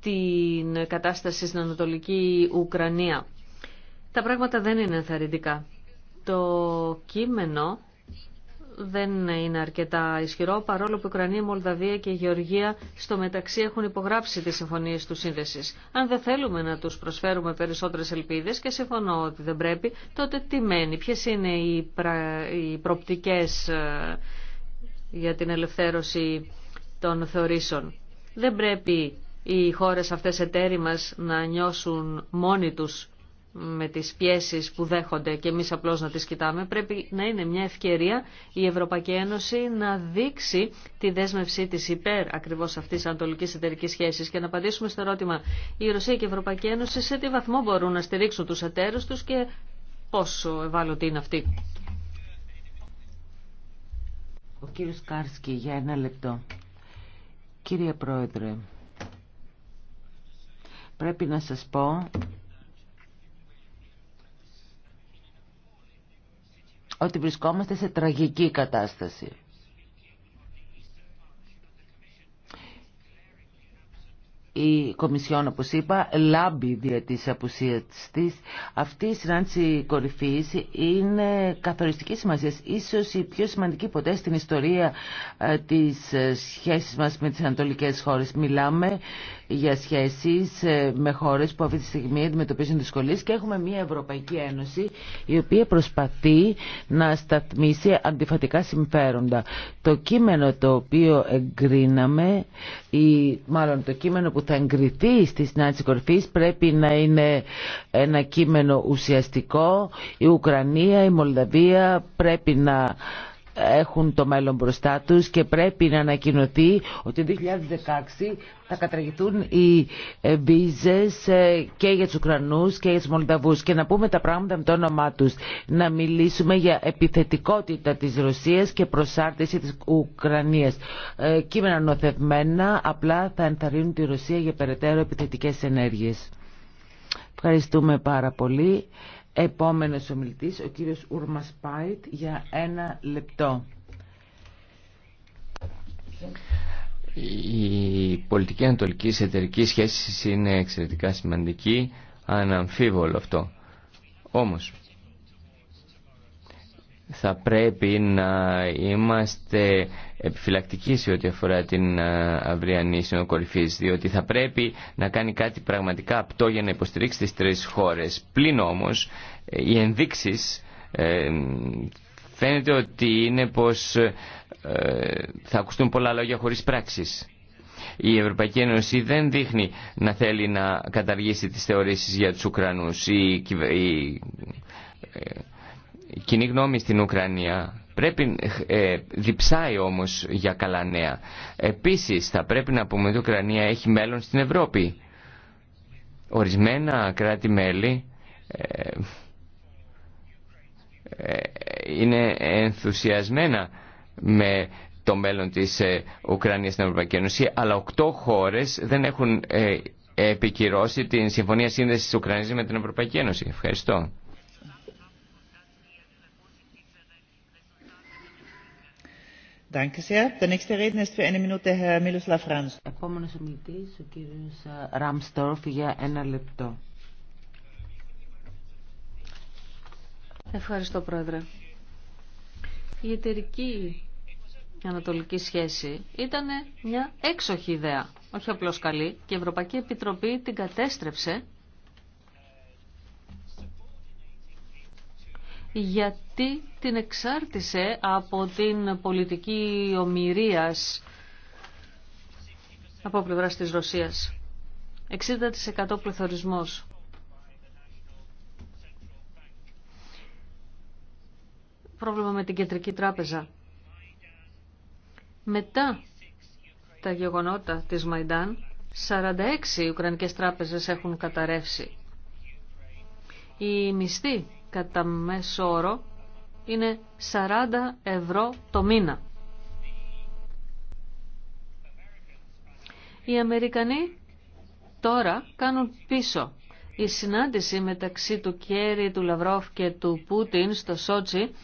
την κατάσταση στην Ανατολική Ουκρανία. Τα πράγματα δεν είναι ενθαρρυντικά. Το κείμενο δεν είναι αρκετά ισχυρό, παρόλο που η Ουκρανία, η Μολδαβία και η Γεωργία στο μεταξύ έχουν υπογράψει τις συμφωνίες του σύνδεσης. Αν δεν θέλουμε να τους προσφέρουμε περισσότερες ελπίδες και συμφωνώ ότι δεν πρέπει, τότε τι μένει, ποιες είναι οι, πρα... οι προπτικές ε, για την ελευθέρωση των θεωρήσεων. Δεν πρέπει οι χώρες αυτές εταίροι μας να νιώσουν μόνοι τους με τις πιέσεις που δέχονται και εμείς απλώς να τις κοιτάμε. Πρέπει να είναι μια ευκαιρία η Ευρωπαϊκή Ένωση να δείξει τη δέσμευσή της υπέρ ακριβώς αυτής της ανατολικής εταιρικής σχέσης και να απαντήσουμε στο ερώτημα η Ρωσία και η Ευρωπαϊκή Ένωση σε τι βαθμό μπορούν να στηρίξουν τους εταίρους τους και πόσο ευάλωτοι είναι αυτοί. Ο κύριος Κάρσκι για ένα λεπτό. Κύριε Πρόεδρε, πρέπει να σας πω ότι βρισκόμαστε σε τραγική κατάσταση. η Κομισιόν, όπω είπα, λάμπει δια τη απουσία τη. Αυτή η συνάντηση κορυφή είναι καθοριστική σημασία, ίσως η πιο σημαντική ποτέ στην ιστορία ε, της ε, σχέσης μας με τις ανατολικέ χώρες. Μιλάμε για σχέσεις ε, με χώρες που αυτή τη στιγμή αντιμετωπίζουν δυσκολίε και έχουμε μια Ευρωπαϊκή Ένωση η οποία προσπαθεί να σταθμίσει αντιφατικά συμφέροντα. Το κείμενο το οποίο εγκρίναμε, ή μάλλον το κείμενο που θα εγκριθεί στη συνάντηση κορφή, πρέπει να είναι ένα κείμενο ουσιαστικό. Η Ουκρανία, η Μολδαβία πρέπει να έχουν το μέλλον μπροστά τους και πρέπει να ανακοινωθεί ότι το 2016 θα καταργηθούν οι ε, βίζες ε, και για τους Ουκρανούς και για τους Μολδαβούς και να πούμε τα πράγματα με το όνομά τους. Να μιλήσουμε για επιθετικότητα της Ρωσίας και προσάρτηση της Ουκρανίας. Ε, κείμενα νοθευμένα απλά θα ενθαρρύνουν τη Ρωσία για περαιτέρω επιθετικές ενέργειες. Ευχαριστούμε πάρα πολύ. Επόμενος ομιλητής, ο κύριος Ούρμας Πάιτ, για ένα λεπτό. Η πολιτική ανατολική εταιρική σχέση είναι εξαιρετικά σημαντική, αναμφίβολο αυτό. Όμως, θα πρέπει να είμαστε επιφυλακτικοί σε ό,τι αφορά την ε, αυριανή συνοκορυφή, διότι θα πρέπει να κάνει κάτι πραγματικά απτό για να υποστηρίξει τις τρεις χώρες. Πλην όμως, οι ενδείξεις ε, φαίνεται ότι είναι πως ε, θα ακουστούν πολλά λόγια χωρίς πράξεις. Η Ευρωπαϊκή Ένωση δεν δείχνει να θέλει να καταργήσει τις θεωρήσεις για τους Ουκρανούς. Η, η, η κοινή γνώμη στην Ουκρανία πρέπει, ε, διψάει όμως για καλά νέα. Επίσης θα πρέπει να πούμε ότι η Ουκρανία έχει μέλλον στην Ευρώπη. Ορισμένα κράτη-μέλη ε, ε, είναι ενθουσιασμένα με το μέλλον της ε, Ουκρανίας στην Ευρωπαϊκή Ένωση, αλλά οκτώ χώρες δεν έχουν επικυρώσει την Συμφωνία Σύνδεσης της Ουκρανίας με την Ευρωπαϊκή Ένωση. Ευχαριστώ. Ε, Ευχαριστώ, Πρόεδρε. Η εταιρική ανατολική σχέση ήταν μια έξοχη ιδέα, όχι απλώς καλή, και η Ευρωπαϊκή Επιτροπή την κατέστρεψε γιατί την εξάρτησε από την πολιτική ομοιρίας από πλευράς της Ρωσίας. 60% πληθωρισμός. Πρόβλημα με την Κεντρική Τράπεζα. Μετά τα γεγονότα της Μαϊντάν, 46 Ουκρανικές τράπεζες έχουν καταρρεύσει. Οι μισθοί κατά μέσο όρο είναι 40 ευρώ το μήνα. Οι Αμερικανοί τώρα κάνουν πίσω. Η συνάντηση μεταξύ του Κέρι, του Λαυρόφ και του Πούτιν στο Σότσι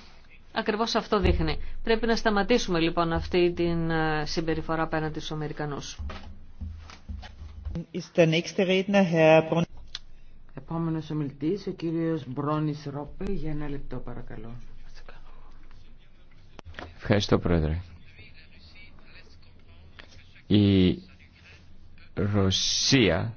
ακριβώς αυτό δείχνει. Πρέπει να σταματήσουμε λοιπόν αυτή την ε, συμπεριφορά απέναντι στους Αμερικανούς. Επόμενος ομιλητής, ο κύριος Μπρόνις Ρόπε, για ένα λεπτό παρακαλώ. Ευχαριστώ πρόεδρε. Η Ρωσία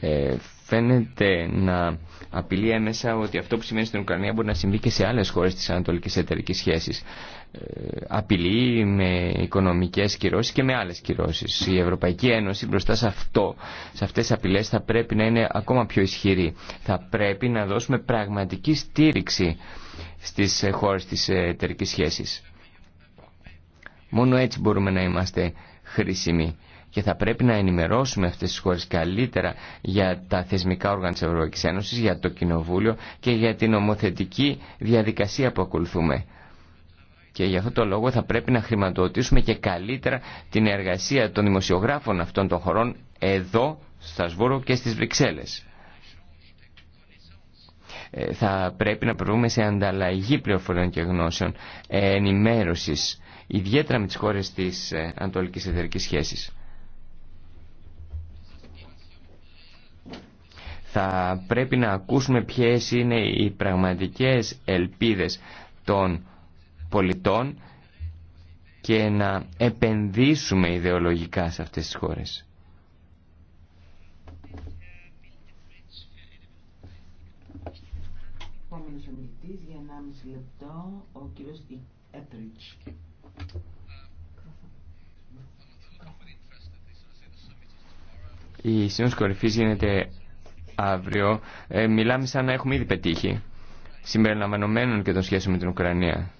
ε, φαίνεται να απειλεί έμεσα ότι αυτό που σημαίνει στην Ουκρανία μπορεί να συμβεί και σε άλλες χώρες της ανατολικής εταιρικής σχέσης. Ε, απειλή, με οικονομικές κυρώσεις και με άλλες κυρώσεις. Η Ευρωπαϊκή Ένωση μπροστά σε αυτό, σε αυτές τις απειλές θα πρέπει να είναι ακόμα πιο ισχυρή. Θα πρέπει να δώσουμε πραγματική στήριξη στις χώρες της εταιρική σχέσης. Μόνο έτσι μπορούμε να είμαστε χρήσιμοι και θα πρέπει να ενημερώσουμε αυτές τις χώρες καλύτερα για τα θεσμικά όργανα της Ευρωπαϊκής Ένωσης, για το Κοινοβούλιο και για την ομοθετική διαδικασία που ακολουθούμε. Και για αυτό το λόγο θα πρέπει να χρηματοδοτήσουμε και καλύτερα την εργασία των δημοσιογράφων αυτών των χωρών εδώ, στο Στασβούρο και στις Βρυξέλλες. Ε, θα πρέπει να προβούμε σε ανταλλαγή πληροφοριών και γνώσεων, ε, ενημέρωσης, ιδιαίτερα με τις χώρες της ε, Ανατολικής Εθερικής Σχέσης. Θα πρέπει να ακούσουμε ποιες είναι οι πραγματικές ελπίδες των πολιτών και να επενδύσουμε ιδεολογικά σε αυτές τις χώρες. Η σύνοση κορυφή γίνεται αύριο. Ε, μιλάμε σαν να έχουμε ήδη πετύχει, συμπεριλαμβανομένων και των σχέσεων με την Ουκρανία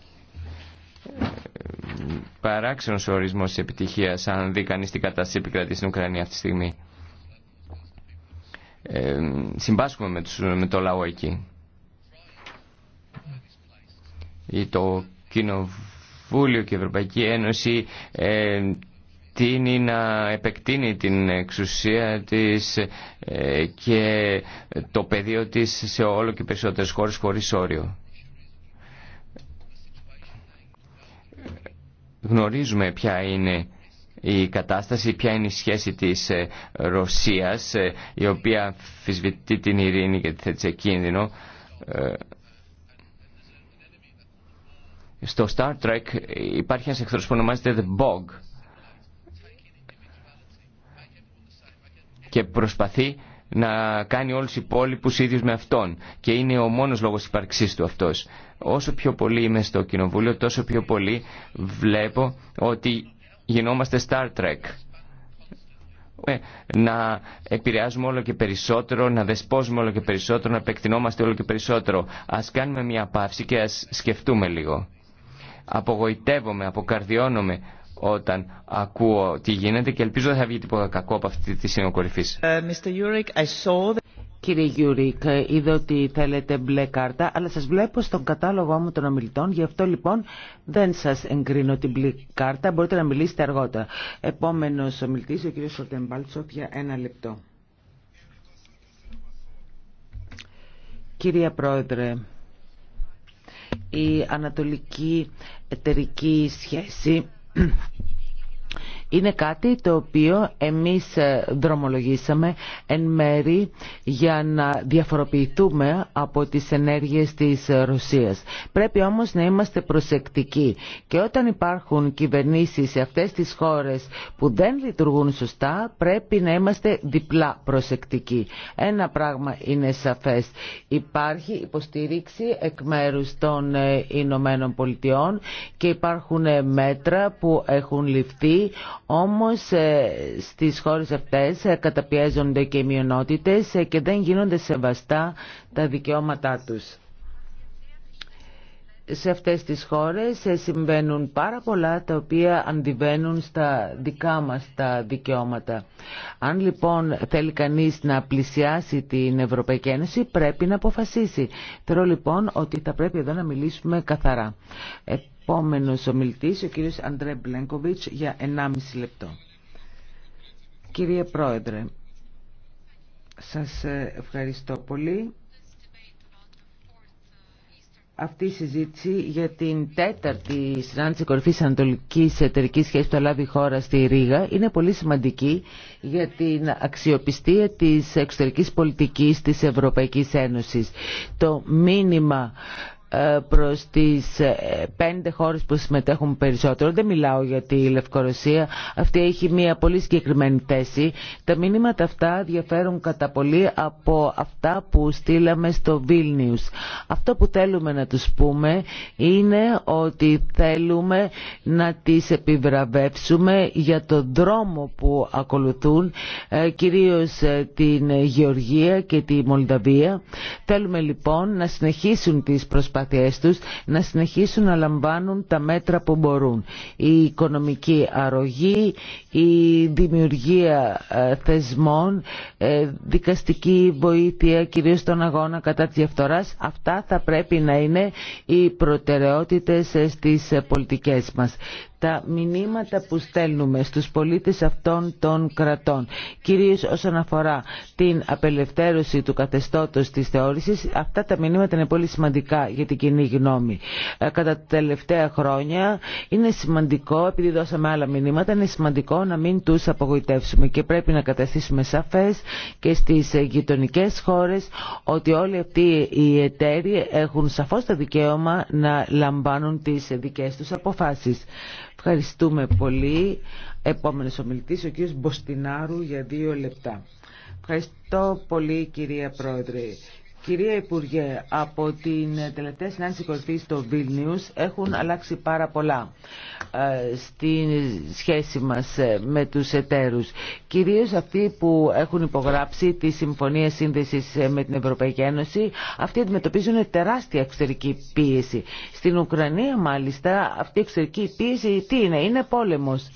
παράξενος ο ορισμός της επιτυχίας αν δει κανείς την κατάσταση επικρατεί στην Ουκρανία αυτή τη στιγμή. Ε, συμπάσχουμε με, το λαό εκεί. Ή το Κοινοβούλιο και η Ευρωπαϊκή Ένωση ε, τίνει να επεκτείνει την εξουσία της ε, και το πεδίο της σε όλο και περισσότερες χώρες χωρίς όριο. γνωρίζουμε ποια είναι η κατάσταση, ποια είναι η σχέση της ε, Ρωσίας, ε, η οποία αμφισβητεί την ειρήνη και τη θέτει σε κίνδυνο. Ε, στο Star Trek υπάρχει ένας εχθρός που ονομάζεται The Bog και προσπαθεί να κάνει όλους οι υπόλοιπους ίδιους με αυτόν και είναι ο μόνος λόγος ύπαρξής του αυτός όσο πιο πολύ είμαι στο κοινοβούλιο, τόσο πιο πολύ βλέπω ότι γινόμαστε Star Trek. Ε, να επηρεάζουμε όλο και περισσότερο, να δεσπόζουμε όλο και περισσότερο, να επεκτηνόμαστε όλο και περισσότερο. Ας κάνουμε μια παύση και ας σκεφτούμε λίγο. Απογοητεύομαι, αποκαρδιώνομαι όταν ακούω τι γίνεται και ελπίζω δεν θα βγει τίποτα κακό από αυτή τη σύνοκορυφή. Ε, Κύριε Γιουρίκ, είδα ότι θέλετε μπλε κάρτα, αλλά σας βλέπω στον κατάλογο μου των ομιλητών, γι' αυτό λοιπόν δεν σας εγκρίνω την μπλε κάρτα, μπορείτε να μιλήσετε αργότερα. Επόμενος ομιλητής, ο κύριος Σορτεμπάλτσοφ, για ένα λεπτό. Κυρία Πρόεδρε, η ανατολική εταιρική σχέση είναι κάτι το οποίο εμείς ε, δρομολογήσαμε εν μέρη για να διαφοροποιηθούμε από τις ενέργειες της ε, Ρωσίας. Πρέπει όμως να είμαστε προσεκτικοί και όταν υπάρχουν κυβερνήσεις σε αυτές τις χώρες που δεν λειτουργούν σωστά πρέπει να είμαστε διπλά προσεκτικοί. Ένα πράγμα είναι σαφές. Υπάρχει υποστήριξη εκ μέρους των ε, Ηνωμένων Πολιτειών και υπάρχουν μέτρα που έχουν ληφθεί όμως ε, στις χώρες αυτές ε, καταπιέζονται και οι μειονότητες ε, και δεν γίνονται σεβαστά τα δικαιώματά τους σε αυτές τις χώρες ε, συμβαίνουν πάρα πολλά τα οποία αντιβαίνουν στα δικά μας τα δικαιώματα. Αν λοιπόν θέλει κανείς να πλησιάσει την Ευρωπαϊκή Ένωση πρέπει να αποφασίσει. Θεωρώ λοιπόν ότι θα πρέπει εδώ να μιλήσουμε καθαρά. Επόμενος ομιλητής, ο κύριος Αντρέ Μπλένκοβιτς για 1,5 λεπτό. Κύριε Πρόεδρε, σας ε, ευχαριστώ πολύ αυτή η συζήτηση για την τέταρτη συνάντηση κορυφής Ανατολική εταιρικής σχέσης του θα λάβει η χώρα στη Ρήγα είναι πολύ σημαντική για την αξιοπιστία της εξωτερικής πολιτικής της Ευρωπαϊκής Ένωσης. Το μήνυμα ε, προς τις ε, πέντε χώρες που συμμετέχουν περισσότερο. Δεν μιλάω για τη Λευκορωσία. Αυτή έχει μια πολύ συγκεκριμένη θέση. Τα μήνυματα αυτά διαφέρουν κατά πολύ από αυτά που στείλαμε στο Vilnius. Αυτό που θέλουμε να τους πούμε είναι ότι θέλουμε να τις επιβραβεύσουμε για τον δρόμο που ακολουθούν ε, κυρίως την Γεωργία και τη Μολδαβία. Θέλουμε λοιπόν να συνεχίσουν τις προσπάθειες προσπάθειές να συνεχίσουν να λαμβάνουν τα μέτρα που μπορούν. Η οικονομική αρρωγή, η δημιουργία ε, θεσμών, ε, δικαστική βοήθεια κυρίως στον αγώνα κατά της διαφθοράς, αυτά θα πρέπει να είναι οι προτεραιότητες ε, στις πολιτικές μας τα μηνύματα που στέλνουμε στους πολίτες αυτών των κρατών, κυρίως όσον αφορά την απελευθέρωση του καθεστώτος της θεώρησης, αυτά τα μηνύματα είναι πολύ σημαντικά για την κοινή γνώμη. Ε, κατά τα τελευταία χρόνια είναι σημαντικό, επειδή δώσαμε άλλα μηνύματα, είναι σημαντικό να μην τους απογοητεύσουμε και πρέπει να καταστήσουμε σαφές και στις γειτονικέ χώρες ότι όλοι αυτοί οι εταίροι έχουν σαφώς το δικαίωμα να λαμβάνουν τις δικές τους αποφάσεις. Ευχαριστούμε πολύ. Επόμενος ομιλητής, ο κύριος Μποστινάρου για δύο λεπτά. Ευχαριστώ πολύ κυρία Πρόεδρε. Κυρία Υπουργέ, από την τελευταία συνάντηση κορυφή στο Βίλνιους έχουν αλλάξει πάρα πολλά ε, στη σχέση μας ε, με τους εταίρους. Κυρίως αυτοί που έχουν υπογράψει τη Συμφωνία Σύνδεσης ε, με την Ευρωπαϊκή Ένωση, αυτοί αντιμετωπίζουν τεράστια εξωτερική πίεση. Στην Ουκρανία μάλιστα αυτή η εξωτερική πίεση τι είναι, είναι πόλεμος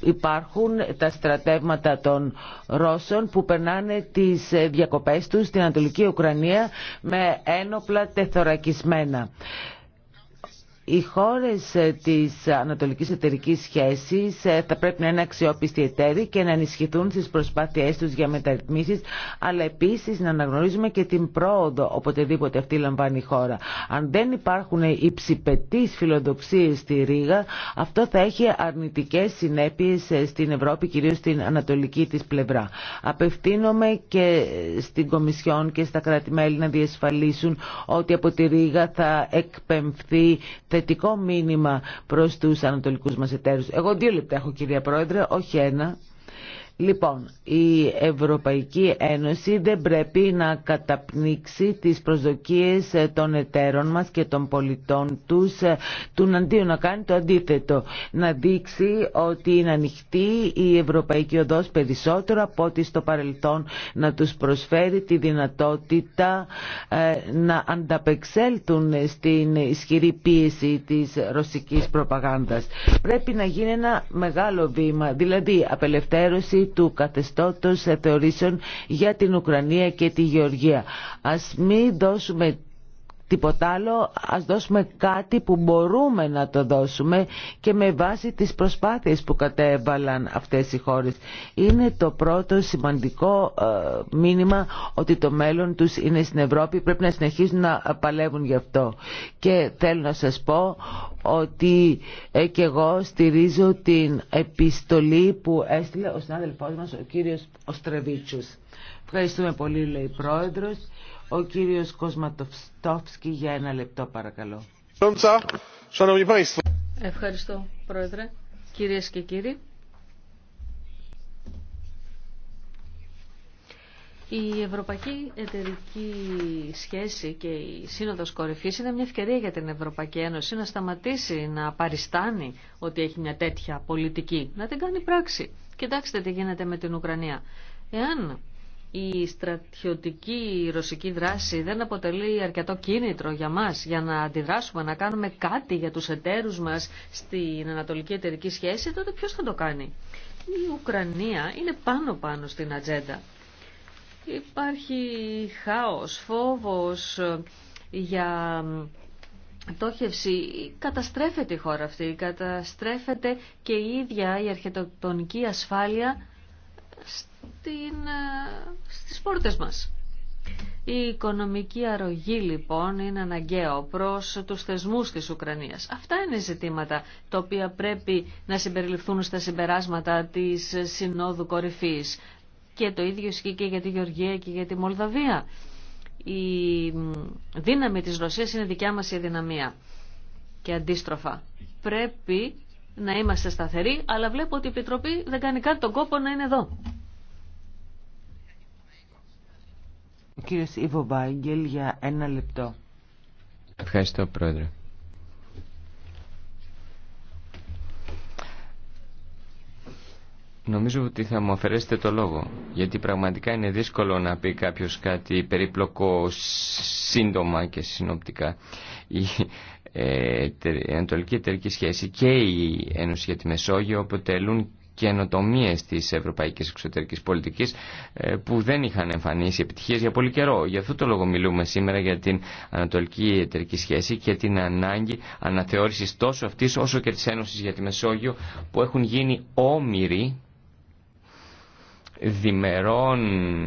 υπάρχουν τα στρατεύματα των Ρώσων που περνάνε τις ε, διακοπές τους στην Ανατολική Ουκρανία με ένοπλα τεθωρακισμένα οι χώρες ε, της Ανατολική εταιρικής σχέσης ε, θα πρέπει να είναι αξιόπιστοι εταίροι και να ενισχυθούν στις προσπάθειές τους για μεταρρυθμίσεις, αλλά επίσης να αναγνωρίζουμε και την πρόοδο οποτεδήποτε αυτή λαμβάνει η χώρα. Αν δεν υπάρχουν υψηπετείς φιλοδοξίες στη Ρήγα, αυτό θα έχει αρνητικές συνέπειες ε, στην Ευρώπη, κυρίως στην ανατολική της πλευρά. Απευθύνομαι και στην Κομισιόν και στα κράτη-μέλη να διασφαλίσουν ότι από τη Ρήγα θα θετικό μήνυμα προς τους ανατολικούς μας εταίρους. Εγώ δύο λεπτά έχω κυρία Πρόεδρε, όχι ένα. Λοιπόν, η Ευρωπαϊκή Ένωση δεν πρέπει να καταπνίξει τις προσδοκίες ε, των εταίρων μας και των πολιτών τους ε, του αντίον να κάνει το αντίθετο. Να δείξει ότι είναι ανοιχτή η Ευρωπαϊκή Οδός περισσότερο από ό,τι στο παρελθόν να τους προσφέρει τη δυνατότητα ε, να ανταπεξέλθουν στην ισχυρή πίεση της ρωσικής προπαγάνδας. Πρέπει να γίνει ένα μεγάλο βήμα, δηλαδή απελευθέρωση του καθεστώτος θεωρήσεων για την Ουκρανία και τη Γεωργία. Ας μην δώσουμε τίποτα άλλο, ας δώσουμε κάτι που μπορούμε να το δώσουμε και με βάση τις προσπάθειες που κατέβαλαν αυτές οι χώρες. Είναι το πρώτο σημαντικό ε, μήνυμα ότι το μέλλον τους είναι στην Ευρώπη, πρέπει να συνεχίσουν να παλεύουν γι' αυτό. Και θέλω να σας πω ότι ε, και εγώ στηρίζω την επιστολή που έστειλε ο συνάδελφός μας, ο κύριος Οστρεβίτσιος. Ευχαριστούμε πολύ, λέει η Πρόεδρος. Ο κύριος Κοσματοφστόφσκι για ένα λεπτό παρακαλώ. Ευχαριστώ Πρόεδρε. Κυρίες και κύριοι. Η Ευρωπαϊκή Εταιρική Σχέση και η Σύνοδος Κορυφής είναι μια ευκαιρία για την Ευρωπαϊκή Ένωση να σταματήσει να παριστάνει ότι έχει μια τέτοια πολιτική, να την κάνει πράξη. Κοιτάξτε τι γίνεται με την Ουκρανία. Εάν η στρατιωτική ρωσική δράση δεν αποτελεί αρκετό κίνητρο για μας για να αντιδράσουμε, να κάνουμε κάτι για τους εταίρους μας στην ανατολική εταιρική σχέση, τότε ποιος θα το κάνει. Η Ουκρανία είναι πάνω-πάνω στην ατζέντα. Υπάρχει χάος, φόβος για τόχευση Καταστρέφεται η χώρα αυτή, καταστρέφεται και η ίδια η αρχιτεκτονική ασφάλεια στην, ε, στις πόρτες μας. Η οικονομική αρρωγή λοιπόν είναι αναγκαίο προς τους θεσμούς της Ουκρανίας. Αυτά είναι ζητήματα τα οποία πρέπει να συμπεριληφθούν στα συμπεράσματα της Συνόδου Κορυφής. Και το ίδιο ισχύει και για τη Γεωργία και για τη Μολδαβία. Η δύναμη της Ρωσίας είναι δικιά μας η δυναμία. Και αντίστροφα. Πρέπει να είμαστε σταθεροί, αλλά βλέπω ότι η Επιτροπή δεν κάνει καν τον κόπο να είναι εδώ. Ο κύριος Ιβο Μπάγγελ για ένα λεπτό. Ευχαριστώ πρόεδρε. Νομίζω ότι θα μου αφαιρέσετε το λόγο, γιατί πραγματικά είναι δύσκολο να πει κάποιος κάτι περίπλοκο σύντομα και συνοπτικά. Η ε, Ανατολική Εταιρική Σχέση και η Ένωση για τη Μεσόγειο αποτελούν καινοτομίε τη ευρωπαϊκή εξωτερική πολιτική ε, που δεν είχαν εμφανίσει επιτυχίε για πολύ καιρό. Γι' αυτό το λόγο μιλούμε σήμερα για την ανατολική εταιρική σχέση και την ανάγκη αναθεώρηση τόσο αυτή όσο και τη Ένωση για τη Μεσόγειο που έχουν γίνει όμοιροι διμερών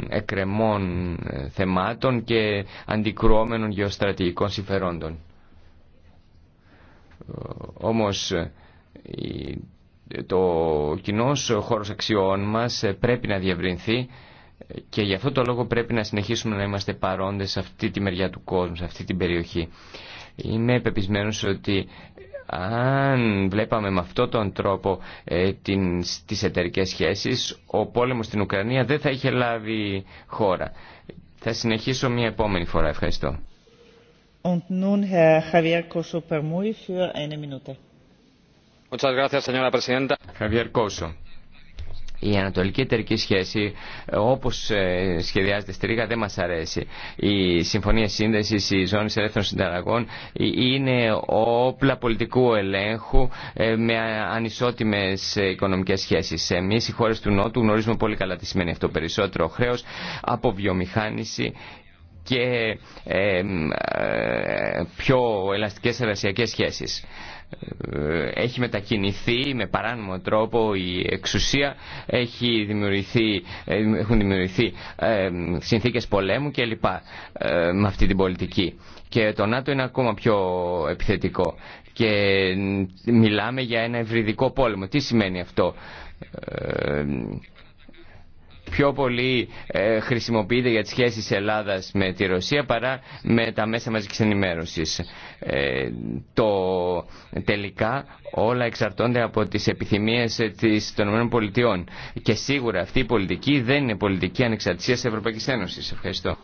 εκρεμών ε, θεμάτων και αντικρουόμενων γεωστρατηγικών συμφερόντων. Ε, όμως το κοινό χώρο αξιών μα ε, πρέπει να διευρυνθεί και γι' αυτό το λόγο πρέπει να συνεχίσουμε να είμαστε παρόντες σε αυτή τη μεριά του κόσμου, σε αυτή την περιοχή. Είμαι πεπισμένο ότι αν βλέπαμε με αυτόν τον τρόπο ε, τις εταιρικέ σχέσεις, ο πόλεμος στην Ουκρανία δεν θα είχε λάβει χώρα. Θα συνεχίσω μια επόμενη φορά. Ευχαριστώ. Und nun Herr Javier Javier Η ανατολική εταιρική σχέση, όπως ε, σχεδιάζεται στη Ρήγα, δεν μα αρέσει. Οι συμφωνία σύνδεση, οι ζώνε ελεύθερων συνταραγών ε, είναι όπλα πολιτικού ελέγχου ε, με ανισότιμε οικονομικέ σχέσει. Εμεί, οι χώρε του Νότου γνωρίζουμε πολύ καλά τι σημαίνει αυτό περισσότερο χρέο από βιομηχάνηση και ε, ε, πιο ελαστικές εργασιακές σχέσεις. Ε, έχει μετακινηθεί με παράνομο τρόπο η εξουσία, έχει δημιουργηθεί, έχουν δημιουργηθεί συνθήκες πολέμου κλπ. με αυτή την πολιτική. Και το ΝΑΤΟ είναι ακόμα πιο επιθετικό. Και μιλάμε για ένα ευρυδικό πόλεμο. Τι σημαίνει αυτό πιο πολύ ε, χρησιμοποιείται για τις σχέσεις Ελλάδας με τη Ρωσία παρά με τα μέσα μαζικής ενημέρωσης. Ε, το, τελικά όλα εξαρτώνται από τις επιθυμίες ε, της, των ΗΠΑ και σίγουρα αυτή η πολιτική δεν είναι πολιτική ανεξαρτησίας της Ευρωπαϊκής Ένωσης. Ευχαριστώ.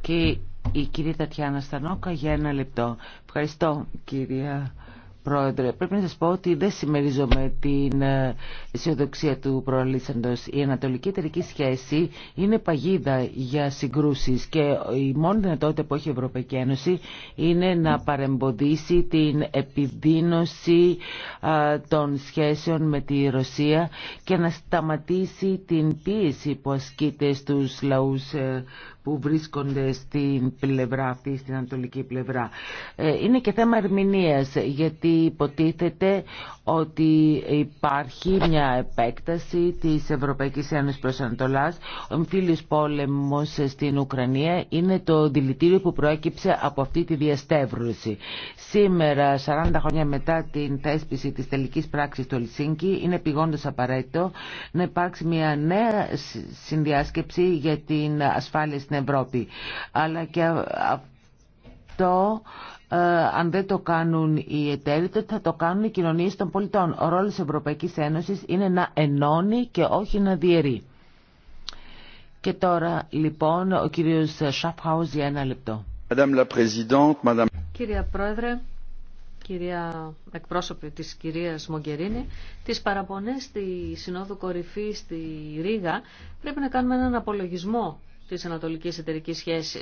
και η κυρία Τατιάνα Στανόκα για ένα λεπτό. Ευχαριστώ κυρία Πρόεδρε. Πρέπει να σας πω ότι δεν συμμερίζομαι την ε, αισιοδοξία του προαλήσαντος. Η ανατολική εταιρική σχέση είναι παγίδα για συγκρούσεις και η μόνη δυνατότητα που έχει η Ευρωπαϊκή Ένωση είναι να παρεμποδίσει την επιδείνωση των σχέσεων με τη Ρωσία και να σταματήσει την πίεση που ασκείται στους λαούς ε, που βρίσκονται στην πλευρά αυτή, στην ανατολική πλευρά. Ε, είναι και θέμα ερμηνείας γιατί υποτίθεται ότι υπάρχει μια επέκταση της Ευρωπαϊκής Ένωσης προς Ανατολάς. Ο εμφύλιος πόλεμος στην Ουκρανία είναι το δηλητήριο που προέκυψε από αυτή τη διαστεύρωση. Σήμερα, 40 χρόνια μετά την θέσπιση της τελικής πράξης του Ελσίνκη, είναι πηγόντως απαραίτητο να υπάρξει μια νέα συνδιάσκεψη για την ασφάλεια στην Ευρώπη. Αλλά και αυτό ε, αν δεν το κάνουν οι εταίροι, τότε θα το κάνουν οι κοινωνίες των πολιτών. Ο ρόλος της Ευρωπαϊκής Ένωσης είναι να ενώνει και όχι να διαιρεί. Και τώρα λοιπόν ο κύριος Σαφχάουζ για ένα λεπτό. Κυρία Πρόεδρε, κυρία εκπρόσωπη της κυρίας Μογκερίνη, τις παραπονές στη Συνόδου Κορυφή στη Ρήγα πρέπει να κάνουμε έναν απολογισμό Τη Ανατολική εταιρική σχέση.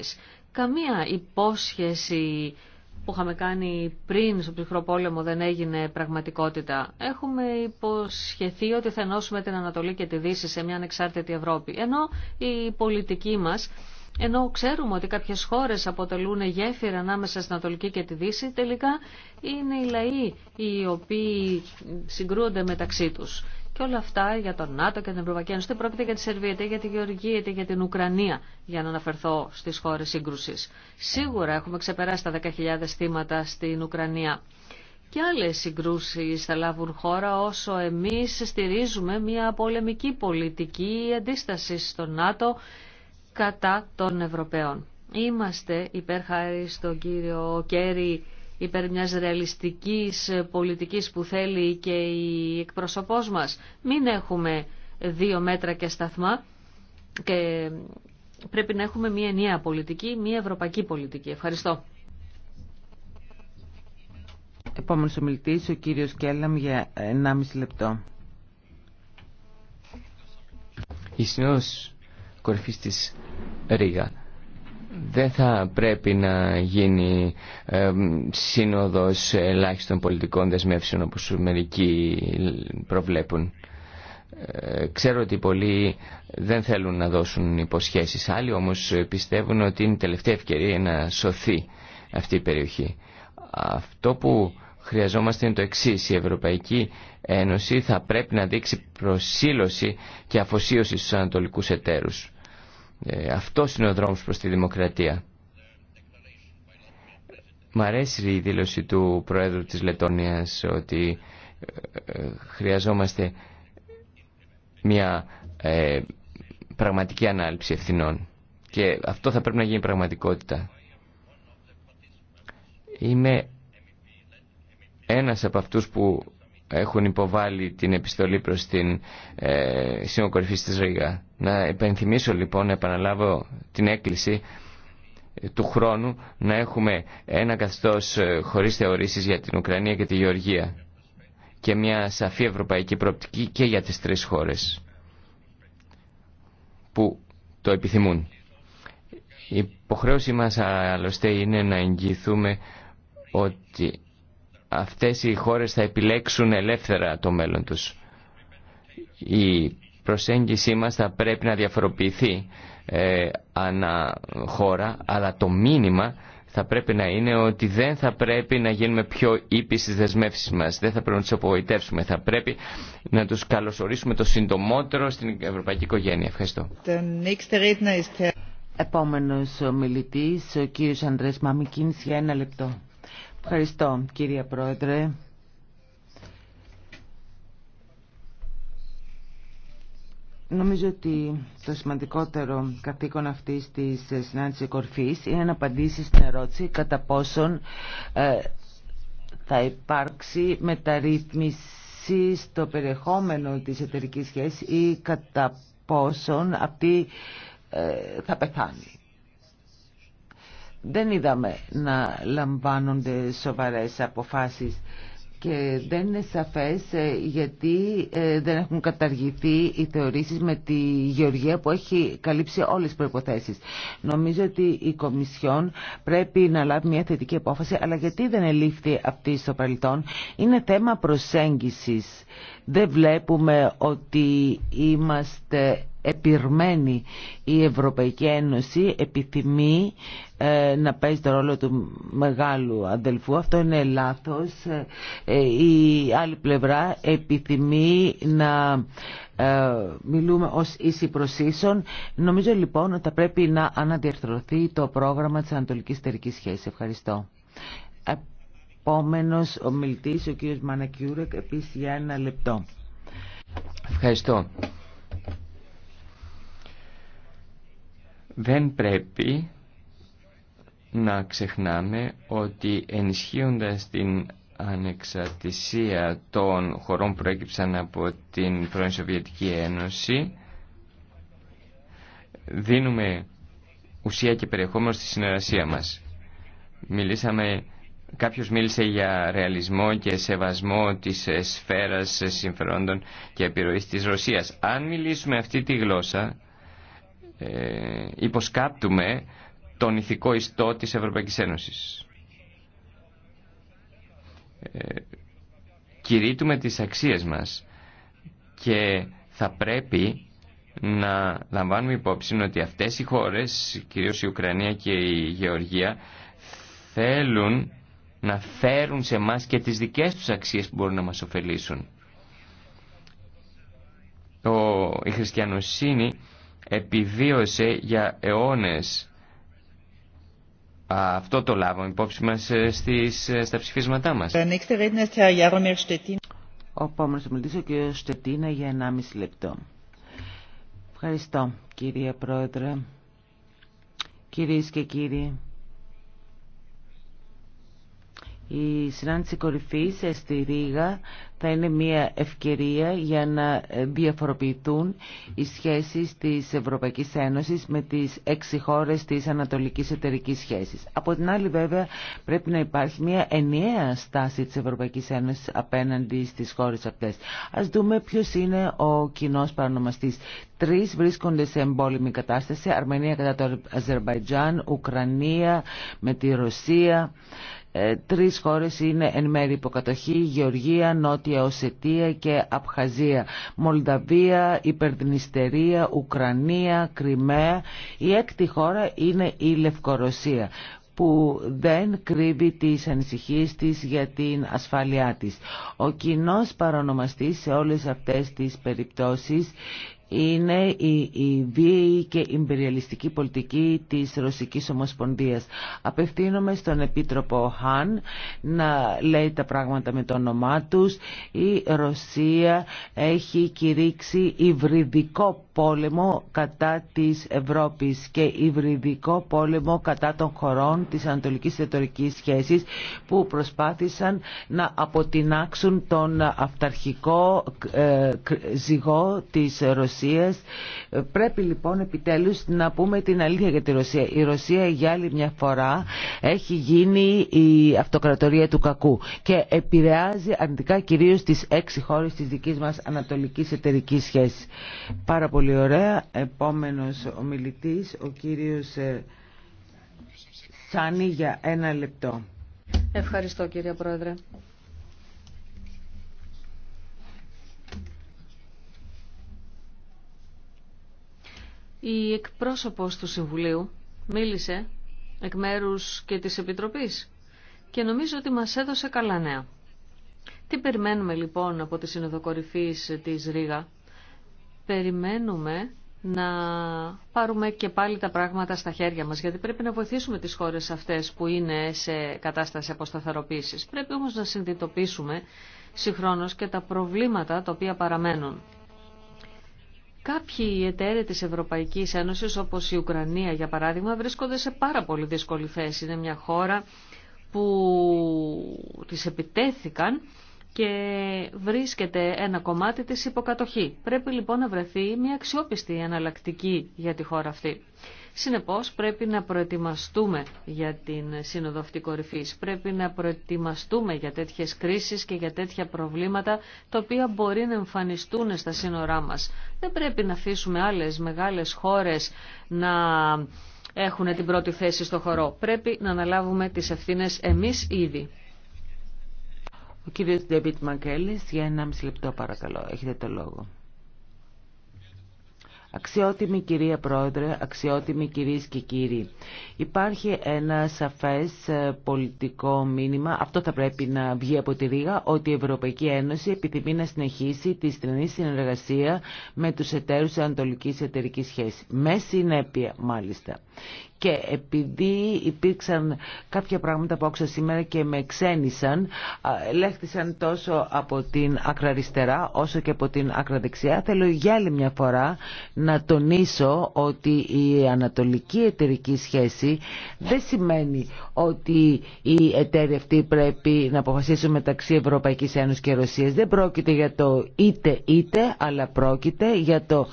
Καμία υπόσχεση που είχαμε κάνει πριν στο ψυχρό πόλεμο δεν έγινε πραγματικότητα. Έχουμε υποσχεθεί ότι θα ενώσουμε την Ανατολή και τη Δύση σε μια ανεξάρτητη Ευρώπη. Ενώ η πολιτική μας, ενώ ξέρουμε ότι κάποιες χώρες αποτελούν γέφυρα ανάμεσα στην Ανατολική και τη Δύση, τελικά είναι οι λαοί οι οποίοι συγκρούονται μεταξύ τους. Και όλα αυτά για τον ΝΑΤΟ και την Ευρωπαϊκή Ένωση. Δεν πρόκειται για τη Σερβία, για τη Γεωργία, είτε για την Ουκρανία, για να αναφερθώ στι χώρε σύγκρουση. Σίγουρα έχουμε ξεπεράσει τα 10.000 θύματα στην Ουκρανία. Και άλλε συγκρούσει θα λάβουν χώρα όσο εμεί στηρίζουμε μια πολεμική πολιτική αντίσταση στο ΝΑΤΟ κατά των Ευρωπαίων. Είμαστε υπέρ στον κύριο Κέρι υπέρ μιας ρεαλιστικής πολιτικής που θέλει και η εκπροσωπός μας. Μην έχουμε δύο μέτρα και σταθμά και πρέπει να έχουμε μια νέα πολιτική, μια ευρωπαϊκή πολιτική. Ευχαριστώ. Επόμενος ομιλητής, ο κύριος Κέλλαμ για 1,5 λεπτό. Η συνόδος κορυφής της Ρίγα δεν θα πρέπει να γίνει ε, σύνοδος ελάχιστων πολιτικών δεσμεύσεων όπως μερικοί προβλέπουν. Ε, ξέρω ότι πολλοί δεν θέλουν να δώσουν υποσχέσεις. Άλλοι όμως πιστεύουν ότι είναι η τελευταία ευκαιρία να σωθεί αυτή η περιοχή. Αυτό που χρειαζόμαστε είναι το εξή. Η Ευρωπαϊκή Ένωση θα πρέπει να δείξει προσήλωση και αφοσίωση στους ανατολικούς εταίρους ε, αυτός είναι ο δρόμος προς τη δημοκρατία. Μ' αρέσει η δήλωση του Προέδρου της Λετωνίας ότι ε, ε, χρειαζόμαστε μια ε, πραγματική ανάληψη ευθυνών. Και αυτό θα πρέπει να γίνει πραγματικότητα. Είμαι ένας από αυτούς που έχουν υποβάλει την επιστολή προς την ε, Σύνοκορυφή της Ρήγα να υπενθυμίσω λοιπόν, να επαναλάβω την έκκληση του χρόνου να έχουμε ένα καθεστώς ε, χωρίς θεωρήσεις για την Ουκρανία και τη Γεωργία και μια σαφή ευρωπαϊκή προοπτική και για τις τρεις χώρες που το επιθυμούν. Η υποχρέωση μας άλλωστε είναι να εγγυηθούμε ότι αυτές οι χώρες θα επιλέξουν ελεύθερα το μέλλον τους. Η προσέγγιση μας θα πρέπει να διαφοροποιηθεί ε, ανά χώρα, αλλά το μήνυμα θα πρέπει να είναι ότι δεν θα πρέπει να γίνουμε πιο ήπιοι στις δεσμεύσεις μας, δεν θα πρέπει να τους απογοητεύσουμε, θα πρέπει να τους καλωσορίσουμε το συντομότερο στην ευρωπαϊκή οικογένεια. Ευχαριστώ. Επόμενος μιλητής, ο κύριος Ανδρέας Μαμικίνης για ένα λεπτό. Ευχαριστώ κύριε Πρόεδρε. Νομίζω ότι το σημαντικότερο καθήκον αυτής της ε, συνάντησης κορφής είναι να απαντήσει στην ερώτηση κατά πόσον ε, θα υπάρξει μεταρρύθμιση στο περιεχόμενο της εταιρική σχέση ή κατά πόσον αυτή ε, θα πεθάνει. Δεν είδαμε να λαμβάνονται σοβαρές αποφάσεις και δεν είναι σαφές ε, γιατί ε, δεν έχουν καταργηθεί οι θεωρήσεις με τη γεωργία που έχει καλύψει όλες τις προϋποθέσεις. Νομίζω ότι η Κομισιόν πρέπει να λάβει μια θετική απόφαση, αλλά γιατί δεν ελήφθη αυτή στο παρελθόν. Είναι θέμα προσέγγισης. Δεν βλέπουμε ότι είμαστε επιρμένη η Ευρωπαϊκή Ένωση επιθυμεί ε, να παίζει το ρόλο του μεγάλου αδελφού. Αυτό είναι λάθος. Ε, η άλλη πλευρά επιθυμεί να ε, μιλούμε ως ίση προς Νομίζω λοιπόν ότι θα πρέπει να αναδιαρθρωθεί το πρόγραμμα της Ανατολικής Τερικής Σχέσης. Ευχαριστώ. Επόμενος ο μιλτής, ο κύριος Μανακιούρεκ, επίσης για ένα λεπτό. Ευχαριστώ. Δεν πρέπει να ξεχνάμε ότι ενισχύοντας την ανεξαρτησία των χωρών που προέκυψαν από την πρώην Σοβιετική Ένωση δίνουμε ουσία και περιεχόμενο στη συνεργασία μας. Μιλήσαμε, κάποιος μίλησε για ρεαλισμό και σεβασμό της σφαίρας συμφερόντων και επιρροής της Ρωσίας. Αν μιλήσουμε αυτή τη γλώσσα ε, υποσκάπτουμε τον ηθικό ιστό της Ευρωπαϊκής Ένωσης. Ε, κηρύττουμε τις αξίες μας και θα πρέπει να λαμβάνουμε υπόψη ότι αυτές οι χώρες, κυρίως η Ουκρανία και η Γεωργία, θέλουν να φέρουν σε μας και τις δικές τους αξίες που μπορούν να μας ωφελήσουν. Ο, η χριστιανοσύνη επιβίωσε για αιώνες. Αυτό το λάβαμε υπόψη μας ε, στις, ε, στα ψηφίσματά μας. Ε, ο μιλήσω και ο Στετίνα για 1,5 λεπτό. Ευχαριστώ κύριε Πρόεδρε, κυρίες και κύριοι. Η συνάντηση κορυφής στη Ρήγα θα είναι μια ευκαιρία για να διαφοροποιηθούν οι σχέσεις της Ευρωπαϊκής Ένωσης με τις έξι χώρες της Ανατολικής Εταιρικής Σχέσης. Από την άλλη βέβαια πρέπει να υπάρχει μια ενιαία στάση της Ευρωπαϊκής Ένωσης απέναντι στις χώρες αυτές. Ας δούμε ποιος είναι ο κοινό παρανομαστής. Τρεις βρίσκονται σε εμπόλεμη κατάσταση, Αρμενία κατά το Αζερβαϊτζάν, Ουκρανία με τη Ρωσία. Ε, τρεις χώρες είναι εν μέρη υποκατοχή, Γεωργία, Νότια Οσετία και Απχαζία, Μολδαβία, Υπερδνηστερία, Ουκρανία, Κρυμαία. Η έκτη χώρα είναι η Λευκορωσία που δεν κρύβει τις ανησυχίες της για την ασφάλειά της. Ο κοινό παρονομαστής σε όλες αυτές τις περιπτώσεις είναι η, βίαιη και η υπεριαλιστική πολιτική της Ρωσικής Ομοσπονδίας. Απευθύνομαι στον Επίτροπο Χαν να λέει τα πράγματα με το όνομά τους. Η Ρωσία έχει κηρύξει υβριδικό πόλεμο κατά της Ευρώπης και υβριδικό πόλεμο κατά των χωρών της Ανατολικής Εταιρικής Σχέσης που προσπάθησαν να αποτινάξουν τον αυταρχικό ε, ζυγό της Ρωσίας ε, πρέπει λοιπόν επιτέλους να πούμε την αλήθεια για τη Ρωσία. Η Ρωσία για άλλη μια φορά έχει γίνει η αυτοκρατορία του κακού και επηρεάζει αρνητικά κυρίως τις έξι χώρες της δικής μας ανατολικής εταιρικής σχέσης. Πάρα πολύ ωραία. Επόμενος ομιλητής, ο κύριος ε, Σάνι για ένα λεπτό. Ευχαριστώ κύριε Πρόεδρε. Η εκπρόσωπος του Συμβουλίου μίλησε εκ μέρους και της Επιτροπής και νομίζω ότι μας έδωσε καλά νέα. Τι περιμένουμε λοιπόν από τη Συνοδοκορυφή της Ρήγα. Περιμένουμε να πάρουμε και πάλι τα πράγματα στα χέρια μας, γιατί πρέπει να βοηθήσουμε τις χώρες αυτές που είναι σε κατάσταση αποσταθεροποίησης. Πρέπει όμως να συνειδητοποιήσουμε συγχρόνως και τα προβλήματα τα οποία παραμένουν. Κάποιοι εταίροι της Ευρωπαϊκής Ένωσης, όπως η Ουκρανία για παράδειγμα, βρίσκονται σε πάρα πολύ δύσκολη θέση. Είναι μια χώρα που τις επιτέθηκαν και βρίσκεται ένα κομμάτι της υποκατοχή. Πρέπει λοιπόν να βρεθεί μια αξιόπιστη εναλλακτική για τη χώρα αυτή. Συνεπώς πρέπει να προετοιμαστούμε για την σύνοδο αυτή Πρέπει να προετοιμαστούμε για τέτοιες κρίσεις και για τέτοια προβλήματα τα οποία μπορεί να εμφανιστούν στα σύνορά μας. Δεν πρέπει να αφήσουμε άλλες μεγάλες χώρες να έχουν την πρώτη θέση στο χωρό. Πρέπει να αναλάβουμε τις ευθύνες εμείς ήδη. Ο κύριος Ντέβιτ Μαγκέλης για 1,5 λεπτό παρακαλώ. Έχετε το λόγο. Αξιότιμη κυρία Πρόεδρε, αξιότιμοι κυρίε και κύριοι, υπάρχει ένα σαφές ε, πολιτικό μήνυμα, αυτό θα πρέπει να βγει από τη Ρήγα, ότι η Ευρωπαϊκή Ένωση επιθυμεί να συνεχίσει τη στενή συνεργασία με τους εταίρους της Ανατολικής Εταιρικής Σχέσης, με συνέπεια μάλιστα και επειδή υπήρξαν κάποια πράγματα που άκουσα σήμερα και με ξένησαν, λέχτησαν τόσο από την ακραριστερά όσο και από την ακραδεξιά, θέλω για άλλη μια φορά να τονίσω ότι η ανατολική εταιρική σχέση δεν σημαίνει ότι η εταιρεία πρέπει να αποφασίσουν μεταξύ Ευρωπαϊκής Ένωσης και Ρωσίας. Δεν πρόκειται για το είτε είτε, αλλά πρόκειται για το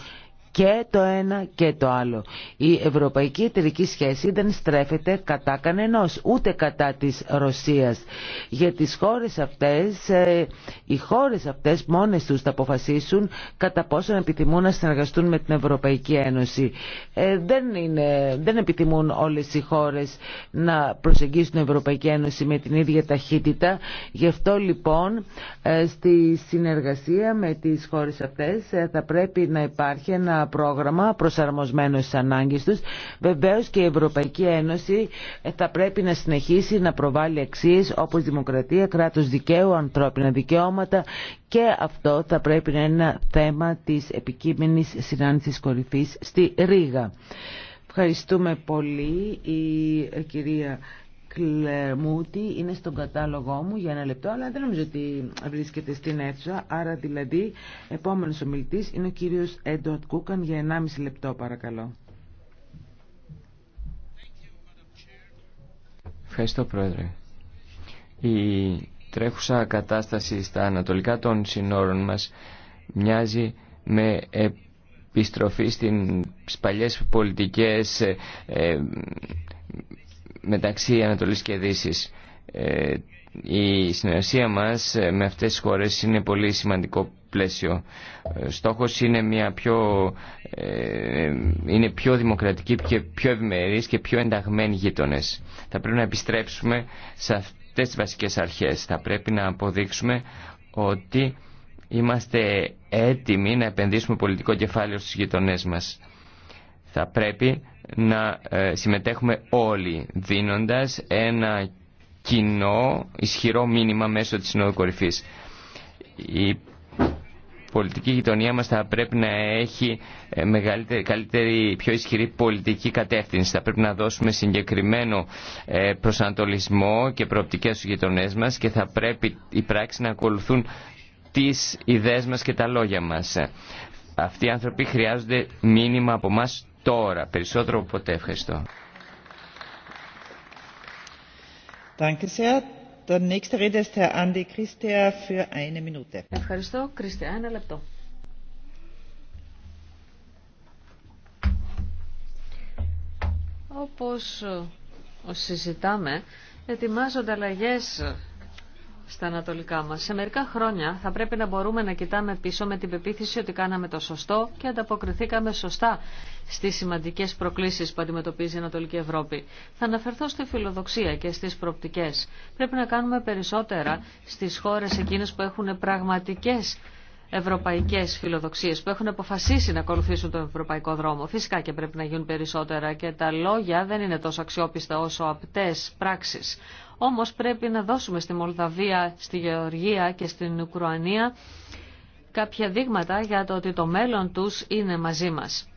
και το ένα και το άλλο. Η ευρωπαϊκή εταιρική σχέση δεν στρέφεται κατά κανενός, ούτε κατά της Ρωσίας. Για τις χώρες αυτές, ε, οι χώρες αυτές μόνες τους θα αποφασίσουν κατά πόσο επιθυμούν να συνεργαστούν με την Ευρωπαϊκή Ένωση. Ε, δεν, είναι, δεν επιθυμούν όλες οι χώρες να προσεγγίσουν την Ευρωπαϊκή Ένωση με την ίδια ταχύτητα. Γι' αυτό λοιπόν ε, στη συνεργασία με τις χώρες αυτές θα πρέπει να υπάρχει ένα πρόγραμμα προσαρμοσμένο στις ανάγκες τους. Βεβαίως και η Ευρωπαϊκή Ένωση ε, θα πρέπει να συνεχίσει να προβάλλει αξίες όπως δημοκρατία, κράτος δικαίου, ανθρώπινα δικαιώματα και αυτό θα πρέπει να είναι ένα θέμα της επικείμενης συνάντησης κορυφής στη Ρήγα. Ευχαριστούμε πολύ η ε, κυρία Κλεμούτη είναι στον κατάλογό μου για ένα λεπτό, αλλά δεν νομίζω ότι βρίσκεται στην αίθουσα. Άρα δηλαδή, επόμενος ομιλητής είναι ο κύριος Έντουαρτ Κούκαν για 1,5 λεπτό παρακαλώ. Ευχαριστώ Πρόεδρε. Η τρέχουσα κατάσταση στα ανατολικά των συνόρων μας μοιάζει με επιστροφή στις παλιές πολιτικές ε, ε, μεταξύ Ανατολής και Δύσης. Ε, η συνεργασία μας ε, με αυτές τις χώρες είναι πολύ σημαντικό πλαίσιο. Ε, στόχος είναι, μια πιο, είναι πιο δημοκρατική και πιο ευημερής και πιο ενταγμένοι γείτονες. Θα πρέπει να επιστρέψουμε σε αυτές τις βασικές αρχές. Θα πρέπει να αποδείξουμε ότι είμαστε έτοιμοι να επενδύσουμε πολιτικό κεφάλαιο στους γειτονές μας. Θα πρέπει να ε, συμμετέχουμε όλοι, δίνοντας ένα κοινό, ισχυρό μήνυμα μέσω της Συνόδου Η πολιτική γειτονία μας θα πρέπει να έχει ε, μεγαλύτερη, καλύτερη, πιο ισχυρή πολιτική κατεύθυνση. Θα πρέπει να δώσουμε συγκεκριμένο ε, προσανατολισμό και προοπτικές στους γειτονές μας και θα πρέπει οι πράξεις να ακολουθούν τις ιδέες μας και τα λόγια μας. Αυτοί οι άνθρωποι χρειάζονται μήνυμα από εμά τώρα, περισσότερο από ποτέ. Ευχαριστώ. Ευχαριστώ. Κριστέα, ένα λεπτό. Όπως συζητάμε, ετοιμάζονται αλλαγές στα ανατολικά μας. Σε μερικά χρόνια θα πρέπει να μπορούμε να κοιτάμε πίσω με την πεποίθηση ότι κάναμε το σωστό και ανταποκριθήκαμε σωστά στις σημαντικές προκλήσεις που αντιμετωπίζει η Ανατολική Ευρώπη. Θα αναφερθώ στη φιλοδοξία και στις προπτικές. Πρέπει να κάνουμε περισσότερα στις χώρες εκείνες που έχουν πραγματικές ευρωπαϊκέ φιλοδοξίε που έχουν αποφασίσει να ακολουθήσουν τον ευρωπαϊκό δρόμο. Φυσικά και πρέπει να γίνουν περισσότερα και τα λόγια δεν είναι τόσο αξιόπιστα όσο απτέ πράξει. Όμως πρέπει να δώσουμε στη Μολδαβία, στη Γεωργία και στην Ουκρανία κάποια δείγματα για το ότι το μέλλον τους είναι μαζί μας.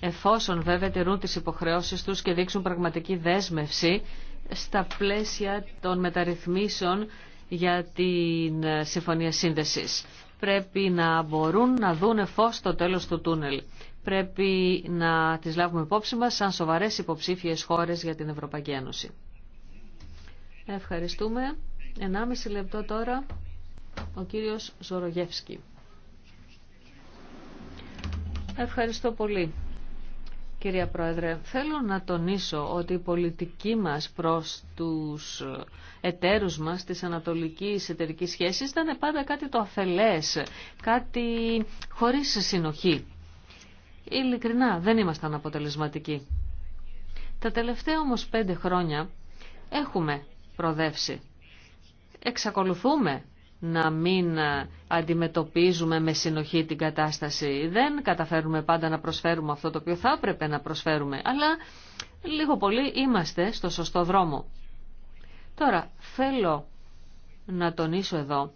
Εφόσον βέβαια τηρούν τις υποχρεώσεις τους και δείξουν πραγματική δέσμευση στα πλαίσια των μεταρρυθμίσεων για την ε, Συμφωνία Σύνδεσης. Πρέπει να μπορούν να δούνε φως στο τέλος του τούνελ. Πρέπει να τις λάβουμε υπόψη μας σαν σοβαρές υποψήφιες χώρες για την Ευρωπαϊκή Ένωση. Ευχαριστούμε. 1,5 λεπτό τώρα ο κύριος Ζορογεύσκη. Ευχαριστώ πολύ. Κυρία Πρόεδρε, θέλω να τονίσω ότι η πολιτική μας προς τους εταίρους μας της ανατολικής εταιρικής σχέσης ήταν πάντα κάτι το αφελές, κάτι χωρίς συνοχή. Ειλικρινά, δεν ήμασταν αποτελεσματικοί. Τα τελευταία όμως πέντε χρόνια έχουμε προδεύσει. Εξακολουθούμε να μην ε, αντιμετωπίζουμε με συνοχή την κατάσταση. Δεν καταφέρουμε πάντα να προσφέρουμε αυτό το οποίο θα έπρεπε να προσφέρουμε, αλλά λίγο πολύ είμαστε στο σωστό δρόμο. Τώρα, θέλω να τονίσω εδώ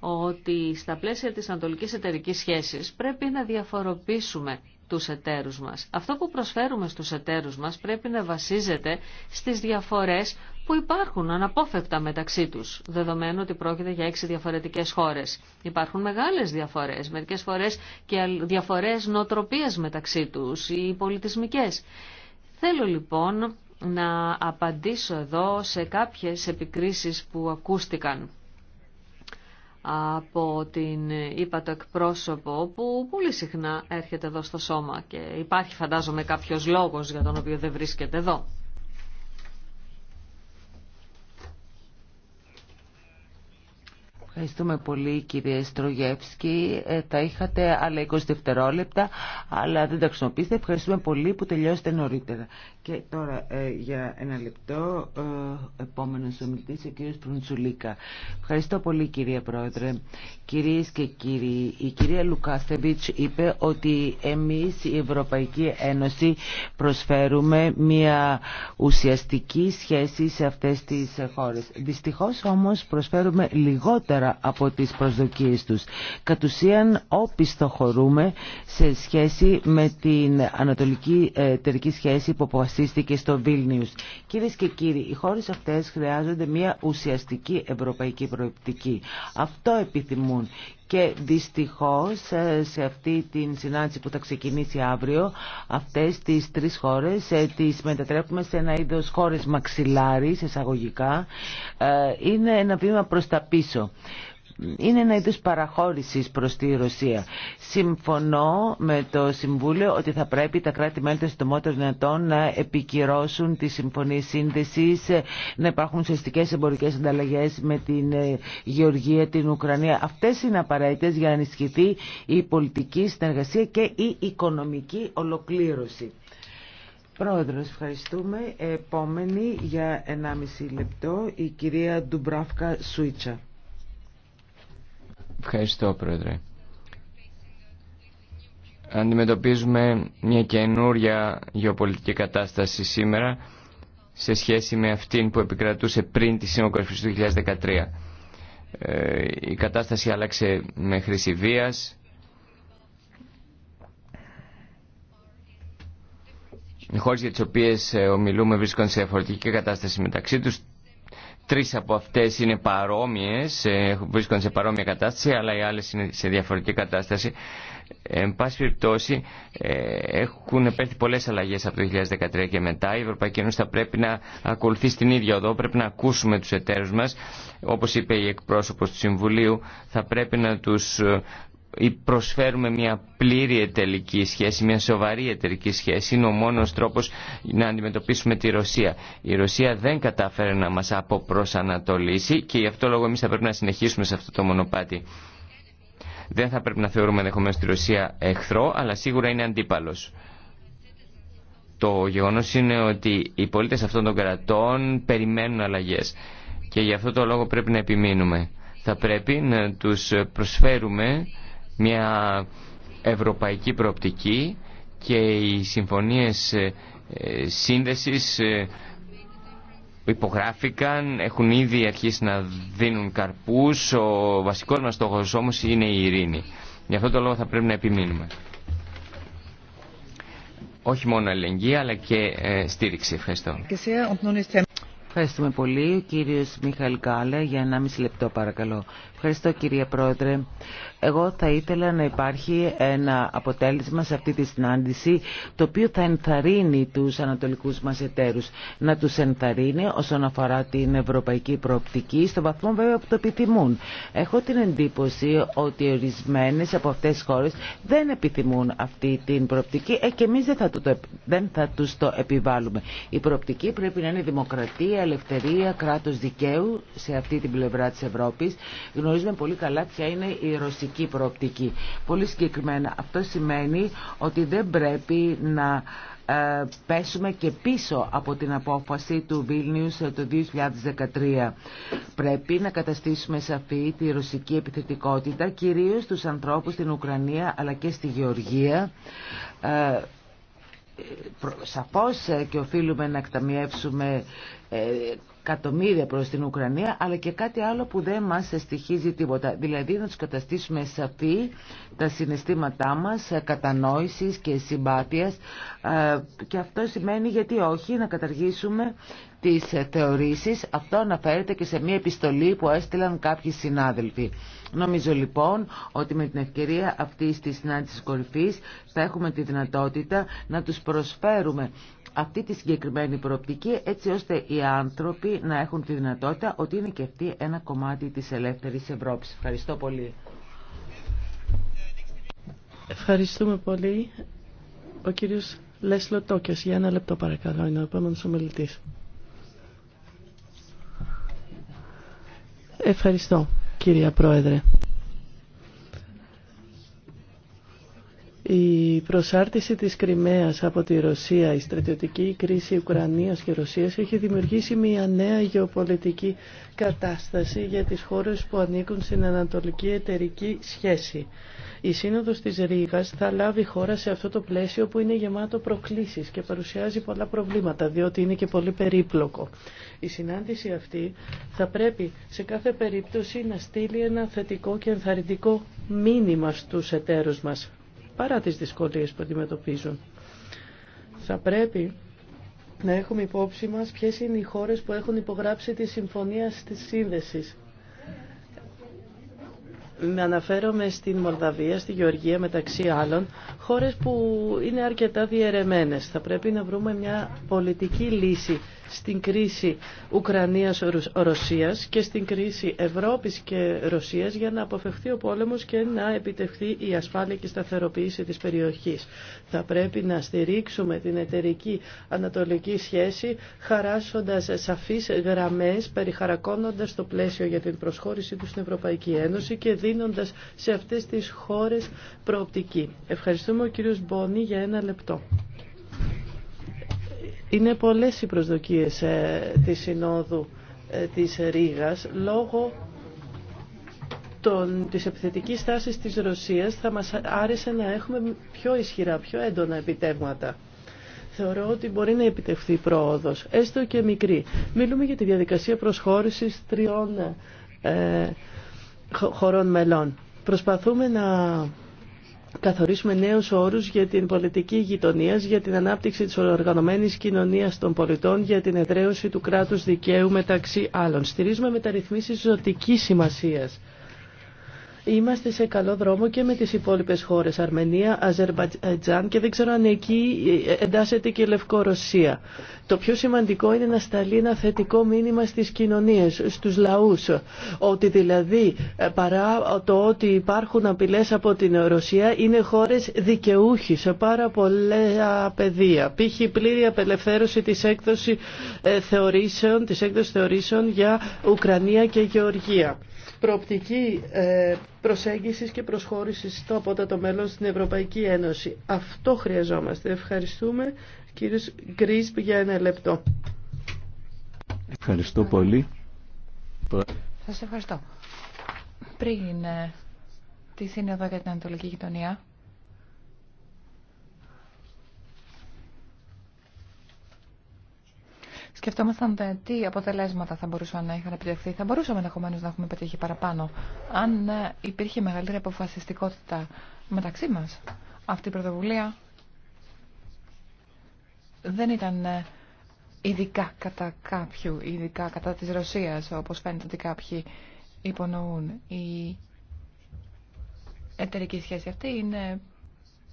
ότι στα πλαίσια της ανατολικής εταιρικής σχέσης πρέπει να διαφοροποιήσουμε τους εταίρους μας. Αυτό που προσφέρουμε στους εταίρους μας πρέπει να βασίζεται στις διαφορές που υπάρχουν αναπόφευκτα μεταξύ τους, δεδομένου ότι πρόκειται για έξι διαφορετικές χώρες. Υπάρχουν μεγάλες διαφορές, μερικές φορές και διαφορές νοτροπίας μεταξύ τους ή πολιτισμικές. Θέλω λοιπόν να απαντήσω εδώ σε κάποιες επικρίσεις που ακούστηκαν από την είπα το εκπρόσωπο που πολύ συχνά έρχεται εδώ στο σώμα και υπάρχει φαντάζομαι κάποιος λόγος για τον οποίο δεν βρίσκεται εδώ. Ευχαριστούμε πολύ κύριε Στρογεύσκη. Ε, τα είχατε άλλα 20 δευτερόλεπτα, αλλά δεν τα χρησιμοποιήσετε. Ευχαριστούμε πολύ που τελειώσετε νωρίτερα. Και τώρα ε, για ένα λεπτό ε, επόμενος ομιλητής ο κύριος Προντσουλίκα. Ευχαριστώ πολύ κυρία Πρόεδρε. Κυρίες και κύριοι, η κυρία Λουκάστεβιτς είπε ότι εμείς η Ευρωπαϊκή Ένωση προσφέρουμε μια ουσιαστική σχέση σε αυτές τις χώρες. Δυστυχώς όμως προσφέρουμε λιγότερα από τις προσδοκίες τους. Κατ' ουσίαν όπιστο χωρούμε σε σχέση με την ανατολική ε, τερική σχέση που αποφασίστηκε στο Βίλνιους. Κυρίε και κύριοι, οι χώρες αυτές χρειάζονται μια ουσιαστική ευρωπαϊκή προεπτική. Αυτό επιθυμούν και δυστυχώς ε, σε αυτή την συνάντηση που θα ξεκινήσει αύριο αυτές τις τρεις χώρες ε, τις μετατρέπουμε σε ένα είδο χώρες μαξιλάρι εισαγωγικά ε, είναι ένα βήμα προς τα πίσω είναι ένα είδος παραχώρησης προς τη Ρωσία. Συμφωνώ με το Συμβούλιο ότι θα πρέπει τα κράτη-μέλη των συντομότερων δυνατών να επικυρώσουν τη συμφωνία σύνδεσης, να υπάρχουν ουσιαστικές εμπορικές ανταλλαγές με την ε, Γεωργία, την Ουκρανία. Αυτές είναι απαραίτητες για να ενισχυθεί η πολιτική συνεργασία και η οικονομική ολοκλήρωση. Πρόεδρο, ευχαριστούμε. Επόμενη για 1,5 λεπτό η κυρία Ντουμπράφκα Σουίτσα. Ευχαριστώ, Πρόεδρε. Αντιμετωπίζουμε μια καινούρια γεωπολιτική κατάσταση σήμερα σε σχέση με αυτήν που επικρατούσε πριν τη σύμμοκορφη του 2013. Ε, η κατάσταση άλλαξε με χρήση βίας. Οι χώρες για τις οποίες ε, ομιλούμε βρίσκονται σε διαφορετική κατάσταση μεταξύ τους. Τρεις από αυτές είναι παρόμοιες, ε, βρίσκονται σε παρόμοια κατάσταση, αλλά οι άλλες είναι σε διαφορετική κατάσταση. Εν πάση περιπτώσει, ε, έχουν επέλθει πολλές αλλαγές από το 2013 και μετά. Η Ευρωπαϊκή Ένωση θα πρέπει να ακολουθεί στην ίδια οδό, πρέπει να ακούσουμε τους εταίρους μας. Όπως είπε η εκπρόσωπος του Συμβουλίου, θα πρέπει να τους ε, προσφέρουμε μια πλήρη εταιρική σχέση, μια σοβαρή εταιρική σχέση. Είναι ο μόνος τρόπος να αντιμετωπίσουμε τη Ρωσία. Η Ρωσία δεν κατάφερε να μας αποπροσανατολίσει και γι' αυτό λόγο εμείς θα πρέπει να συνεχίσουμε σε αυτό το μονοπάτι. Δεν θα πρέπει να θεωρούμε ενδεχομένω τη Ρωσία εχθρό, αλλά σίγουρα είναι αντίπαλος. Το γεγονός είναι ότι οι πολίτες αυτών των κρατών περιμένουν αλλαγές και γι' αυτό το λόγο πρέπει να επιμείνουμε. Θα πρέπει να τους προσφέρουμε μια ευρωπαϊκή προοπτική και οι συμφωνίες ε, σύνδεσης ε, υπογράφηκαν, έχουν ήδη αρχίσει να δίνουν καρπούς, ο βασικός μας στόχος όμως είναι η ειρήνη. Γι' αυτό το λόγο θα πρέπει να επιμείνουμε. Όχι μόνο αλληλεγγύη αλλά και ε, στήριξη. Ευχαριστώ. Ευχαριστούμε πολύ. Ο κύριος Μιχαήλ Κάλε για 1,5 λεπτό παρακαλώ. Ευχαριστώ κύριε Πρόεδρε. Εγώ θα ήθελα να υπάρχει ένα αποτέλεσμα σε αυτή τη συνάντηση το οποίο θα ενθαρρύνει τους ανατολικούς μας εταίρους. Να τους ενθαρρύνει όσον αφορά την ευρωπαϊκή προοπτική στο βαθμό βέβαια που το επιθυμούν. Έχω την εντύπωση ότι ορισμένε από αυτές τις χώρες δεν επιθυμούν αυτή την προοπτική ε, και εμείς δεν θα, το, δεν τους το επιβάλλουμε. Η προοπτική πρέπει να είναι δημοκρατία, ελευθερία, κράτος δικαίου σε αυτή την πλευρά της Ευρώπη Γνωρίζουμε πολύ καλά ποια είναι η ρωσική Πολύ συγκεκριμένα αυτό σημαίνει ότι δεν πρέπει να ε, πέσουμε και πίσω από την απόφαση του Βίλνιους ε, το 2013. Πρέπει να καταστήσουμε σαφή τη ρωσική επιθετικότητα κυρίως στους ανθρώπους στην Ουκρανία αλλά και στη Γεωργία ε, σαφώς και οφείλουμε να εκταμιεύσουμε εκατομμύρια προς την Ουκρανία αλλά και κάτι άλλο που δεν μας στοιχίζει τίποτα. Δηλαδή να τους καταστήσουμε σαφή τα συναισθήματά μας ε, κατανόησης και συμπάθειας ε, και αυτό σημαίνει γιατί όχι να καταργήσουμε τις ε, θεωρήσεις. Αυτό αναφέρεται και σε μια επιστολή που έστειλαν κάποιοι συνάδελφοι. Νομίζω λοιπόν ότι με την ευκαιρία αυτή τη συνάντηση κορυφή θα έχουμε τη δυνατότητα να τους προσφέρουμε αυτή τη συγκεκριμένη προοπτική έτσι ώστε οι άνθρωποι να έχουν τη δυνατότητα ότι είναι και αυτή ένα κομμάτι της ελεύθερης Ευρώπης. Ευχαριστώ πολύ. Ευχαριστούμε πολύ. Ο κύριος Λέσλο Τόκιος για ένα λεπτό παρακαλώ, είναι ο επόμενος ομιλητής. Ευχαριστώ, κυρία Πρόεδρε. Η προσάρτηση της Κρυμαίας από τη Ρωσία, η στρατιωτική κρίση Ουκρανίας και Ρωσίας έχει δημιουργήσει μια νέα γεωπολιτική κατάσταση για τις χώρες που ανήκουν στην ανατολική εταιρική σχέση. Η Σύνοδος της Ρήγας θα λάβει χώρα σε αυτό το πλαίσιο που είναι γεμάτο προκλήσεις και παρουσιάζει πολλά προβλήματα, διότι είναι και πολύ περίπλοκο. Η συνάντηση αυτή θα πρέπει σε κάθε περίπτωση να στείλει ένα θετικό και ενθαρρυντικό μήνυμα στους εταίρους μας παρά τις δυσκολίες που αντιμετωπίζουν. Θα πρέπει να έχουμε υπόψη μας ποιες είναι οι χώρες που έχουν υπογράψει τη Συμφωνία της Σύνδεσης. Με αναφέρομαι στην Μολδαβία, στη Γεωργία μεταξύ άλλων, χώρες που είναι αρκετά διαιρεμένες. Θα πρέπει να βρούμε μια πολιτική λύση στην κρίση Ουκρανίας-Ρωσίας και στην κρίση Ευρώπης και Ρωσίας για να αποφευχθεί ο πόλεμος και να επιτευχθεί η ασφάλεια και η σταθεροποίηση της περιοχής. Θα πρέπει να στηρίξουμε την εταιρική ανατολική σχέση χαράσσοντας σαφείς γραμμές, περιχαρακώνοντας το πλαίσιο για την προσχώρηση του στην Ευρωπαϊκή Ένωση και δίνοντας σε αυτές τις χώρες προοπτική. Ευχαριστούμε ο κύριος Μπόνι για ένα λεπτό. Είναι πολλές οι προσδοκίες ε, της Συνόδου ε, της Ρήγας λόγω των, της επιθετικής στάσης της Ρωσίας θα μας άρεσε να έχουμε πιο ισχυρά, πιο έντονα επιτεύγματα. Θεωρώ ότι μπορεί να επιτευχθεί πρόοδος, έστω και μικρή. Μιλούμε για τη διαδικασία προσχώρησης τριών ε, χωρών μελών. Προσπαθούμε να καθορίσουμε νέους όρους για την πολιτική γειτονία, για την ανάπτυξη της οργανωμένης κοινωνίας των πολιτών, για την εδραίωση του κράτους δικαίου μεταξύ άλλων. Στηρίζουμε μεταρρυθμίσεις ζωτικής σημασίας Είμαστε σε καλό δρόμο και με τις υπόλοιπες χώρες, Αρμενία, Αζερβατζάν και δεν ξέρω αν εκεί εντάσσεται και Λευκορωσία. Το πιο σημαντικό είναι να σταλεί ένα θετικό μήνυμα στις κοινωνίες, στους λαούς, ότι δηλαδή ε, παρά το ότι υπάρχουν απειλές από την Ρωσία είναι χώρες δικαιούχοι σε πάρα πολλά πεδία. Π.χ. πλήρη απελευθέρωση της έκδοσης ε, θεωρήσεων, της έκδοσης θεωρήσεων για Ουκρανία και Γεωργία προοπτική ε, προσέγγισης και προσχώρησης στο απότατο μέλλον στην Ευρωπαϊκή Ένωση. Αυτό χρειαζόμαστε. Ευχαριστούμε. Κύριε Γκρίσπ για ένα λεπτό. Ευχαριστώ πολύ. Σας ευχαριστώ. Πριν ε, τη Σύνοδο για την Ανατολική Γειτονία, Σκεφτόμασταν τι αποτελέσματα θα μπορούσαν να είχαν επιτευχθεί. Θα μπορούσαμε ενδεχομένω να έχουμε πετύχει παραπάνω, αν ε, υπήρχε μεγαλύτερη αποφασιστικότητα μεταξύ μα. Αυτή η πρωτοβουλία δεν ήταν ε, ειδικά κατά κάποιου, ειδικά κατά της Ρωσίας, όπως φαίνεται ότι κάποιοι υπονοούν. Η εταιρική σχέση αυτή είναι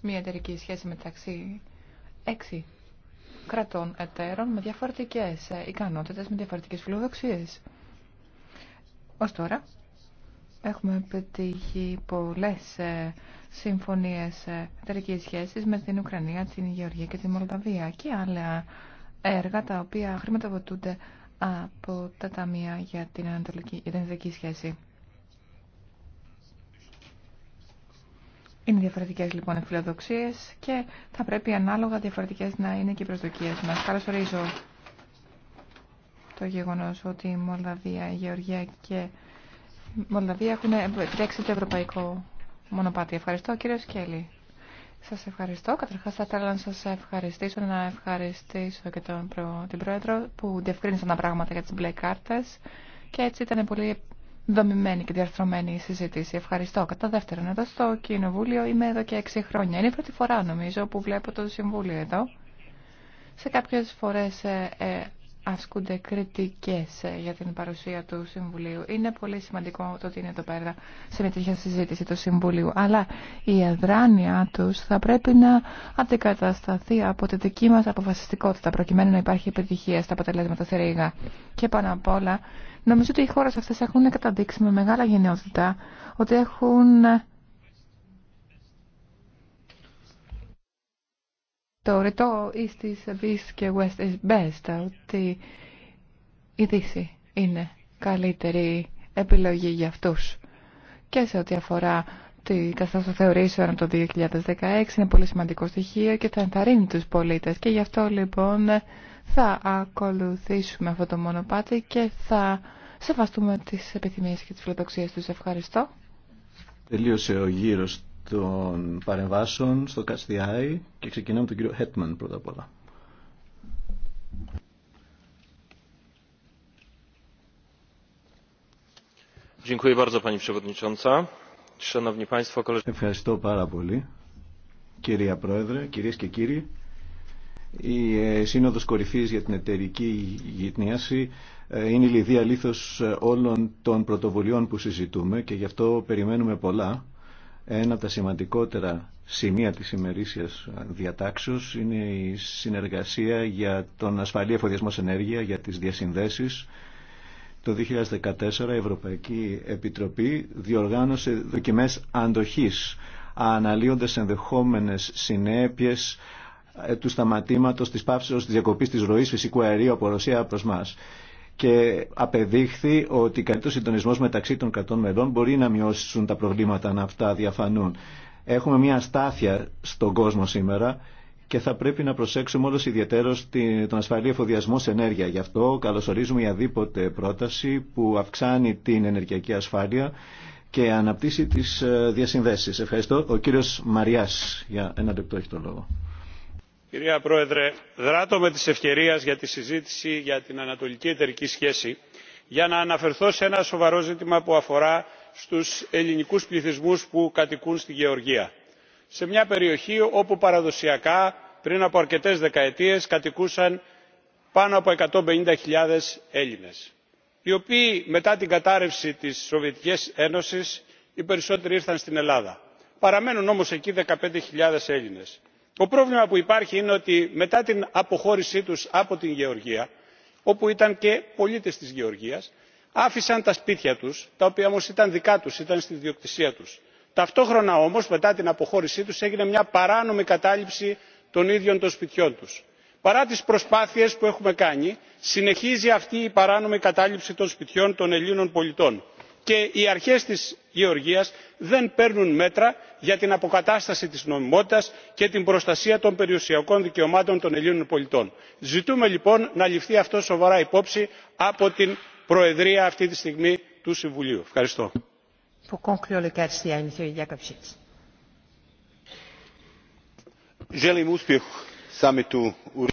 μια εταιρική σχέση μεταξύ έξι κρατών εταίρων με διαφορετικές ε, ικανότητες, με διαφορετικές φιλοδοξίε. Ω τώρα έχουμε πετύχει πολλές ε, συμφωνίες ε, εταιρική σχέσης με την Ουκρανία, την Γεωργία και τη Μολδαβία και άλλα έργα τα οποία χρηματοδοτούνται από τα ταμεία για την ανατολική, για την σχέση. Είναι διαφορετικέ λοιπόν οι φιλοδοξίε και θα πρέπει ανάλογα διαφορετικέ να είναι και οι προσδοκίε μα. Καλώ ορίζω το γεγονό ότι η Μολδαβία, η Γεωργία και η Μολδαβία έχουν επιλέξει το ευρωπαϊκό μονοπάτι. Ευχαριστώ κύριε Σκέλη. Σα ευχαριστώ. Καταρχά θα ήθελα να σα ευχαριστήσω, να ευχαριστήσω και τον, την Πρόεδρο που διευκρίνησαν τα πράγματα για τι μπλε κάρτε και έτσι ήταν πολύ δομημένη και διαρθρωμένη η συζήτηση. Ευχαριστώ. Κατά δεύτερον, εδώ στο Κοινοβούλιο είμαι εδώ και έξι χρόνια. Είναι η πρώτη φορά νομίζω που βλέπω το Συμβούλιο εδώ. Σε κάποιες φορές ε, ε ασκούνται κριτικέ ε, για την παρουσία του Συμβουλίου. Είναι πολύ σημαντικό το ότι είναι εδώ πέρα σε μια τέτοια συζήτηση του Συμβουλίου. Αλλά η αδράνειά τους θα πρέπει να αντικατασταθεί από τη δική μας αποφασιστικότητα προκειμένου να υπάρχει επιτυχία στα αποτελέσματα στη Ρήγα. Και πάνω απ' όλα, νομίζω ότι οι χώρε αυτές έχουν καταδείξει με μεγάλα γενναιότητα ότι έχουν το ρητό East is και West is best, ότι η Δύση είναι καλύτερη επιλογή για αυτούς. Και σε ό,τι αφορά την κατάσταση θεωρήσεων το 2016 είναι πολύ σημαντικό στοιχείο και θα ενθαρρύνει τους πολίτες και γι' αυτό λοιπόν θα ακολουθήσουμε αυτό το μονοπάτι και θα σεβαστούμε τις επιθυμίες και τις φιλοδοξίες τους. Ευχαριστώ. Τελείωσε ο γύρος των παρεμβάσεων στο ΚΑΣΤΙΑΙ και ξεκινάμε τον κύριο Χέτμαν πρώτα απ' όλα. Ευχαριστώ πάρα πολύ, κυρία Πρόεδρε, κυρίες και κύριοι. Η ε, Σύνοδος Κορυφής για την Εταιρική Γυτνίαση ε, είναι η λιδία λίθος ε, όλων των πρωτοβουλειών που συζητούμε και γι' αυτό περιμένουμε πολλά ένα από τα σημαντικότερα σημεία της ημερήσιας διατάξεως είναι η συνεργασία για τον ασφαλή εφοδιασμό σε ενέργεια, για τις διασυνδέσεις. Το 2014 η Ευρωπαϊκή Επιτροπή διοργάνωσε δοκιμές αντοχής, αναλύοντας ενδεχόμενες συνέπειες ε, του σταματήματος της πάυσης της διακοπής της ροής φυσικού αερίου από Ρωσία προς μας και απεδείχθη ότι καλύτερο συντονισμό μεταξύ των κρατών μελών μπορεί να μειώσουν τα προβλήματα να αυτά διαφανούν. Έχουμε μια αστάθεια στον κόσμο σήμερα και θα πρέπει να προσέξουμε όλος ιδιαίτερος τον ασφαλή εφοδιασμό σε ενέργεια. Γι' αυτό καλωσορίζουμε οποιαδήποτε πρόταση που αυξάνει την ενεργειακή ασφάλεια και αναπτύσσει τις ε, διασυνδέσεις. Ευχαριστώ. Ο κύριος Μαριάς για ένα λεπτό έχει το λόγο. Κυρία Πρόεδρε, δράτω με της ευκαιρίας για τη συζήτηση για την ανατολική εταιρική σχέση για να αναφερθώ σε ένα σοβαρό ζήτημα που αφορά στους ελληνικούς πληθυσμούς που κατοικούν στη Γεωργία. Σε μια περιοχή όπου παραδοσιακά πριν από αρκετές δεκαετίες κατοικούσαν πάνω από 150.000 Έλληνες, οι οποίοι μετά την κατάρρευση της Σοβιετικής Ένωσης οι περισσότεροι ήρθαν στην Ελλάδα. Παραμένουν όμως εκεί 15.000 Έλληνες το πρόβλημα που υπάρχει είναι ότι μετά την αποχώρησή τους από την γεωργία όπου ήταν και πολίτες της γεωργίας άφησαν τα σπίτια τους τα οποία όμως ήταν δικά τους ήταν στη διοκτησία τους. ταυτόχρονα όμως μετά την αποχώρησή τους έγινε μια παράνομη κατάληψη των ίδιων των σπιτιών τους. παρά τις προσπάθειες που έχουμε κάνει συνεχίζει αυτή η παράνομη κατάληψη των σπιτιών των ελλήνων πολιτών και οι αρχές της γεωργίας δεν παίρνουν μέτρα για την αποκατάσταση της νομιμότητας και την προστασία των περιουσιακών δικαιωμάτων των ελλήνων πολιτών. ζητούμε λοιπόν να ληφθεί αυτό σοβαρά υπόψη από την προεδρία αυτή τη στιγμή του συμβουλίου. ευχαριστώ.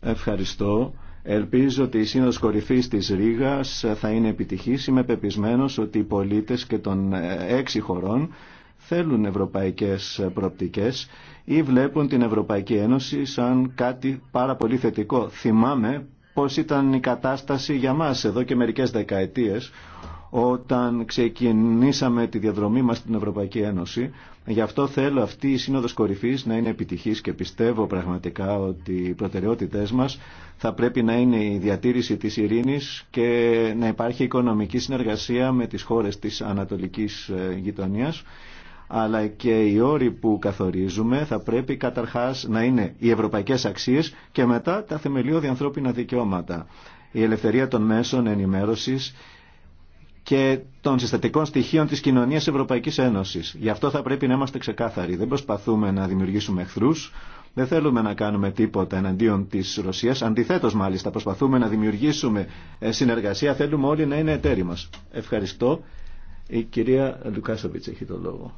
Ευχαριστώ. Ελπίζω ότι η Σύνοδος Κορυφής της Ρήγας θα είναι επιτυχής. Είμαι πεπισμένος ότι οι πολίτες και των ε, έξι χωρών θέλουν ευρωπαϊκές προοπτικές ή βλέπουν την Ευρωπαϊκή Ένωση σαν κάτι πάρα πολύ θετικό. Θυμάμαι πώς ήταν η κατάσταση για μας εδώ και μερικές δεκαετίες όταν ξεκινήσαμε τη διαδρομή μας στην Ευρωπαϊκή Ένωση Γι' αυτό θέλω αυτή η Σύνοδος Κορυφής να είναι επιτυχής και πιστεύω πραγματικά ότι οι προτεραιότητές μας θα πρέπει να είναι η διατήρηση της ειρήνης και να υπάρχει οικονομική συνεργασία με τις χώρες της ανατολικής ε, γειτονίας αλλά και οι όροι που καθορίζουμε θα πρέπει καταρχάς να είναι οι ευρωπαϊκές αξίες και μετά τα θεμελιώδη ανθρώπινα δικαιώματα. Η ελευθερία των μέσων ενημέρωσης, και των συστατικών στοιχείων της κοινωνίας Ευρωπαϊκής Ένωσης. Γι' αυτό θα πρέπει να είμαστε ξεκάθαροι. Δεν προσπαθούμε να δημιουργήσουμε εχθρούς, δεν θέλουμε να κάνουμε τίποτα εναντίον της Ρωσίας. Αντιθέτως μάλιστα προσπαθούμε να δημιουργήσουμε ε, συνεργασία, θέλουμε όλοι να είναι εταίροι μας. Ευχαριστώ. Η κυρία Λουκάσοβιτς έχει το λόγο.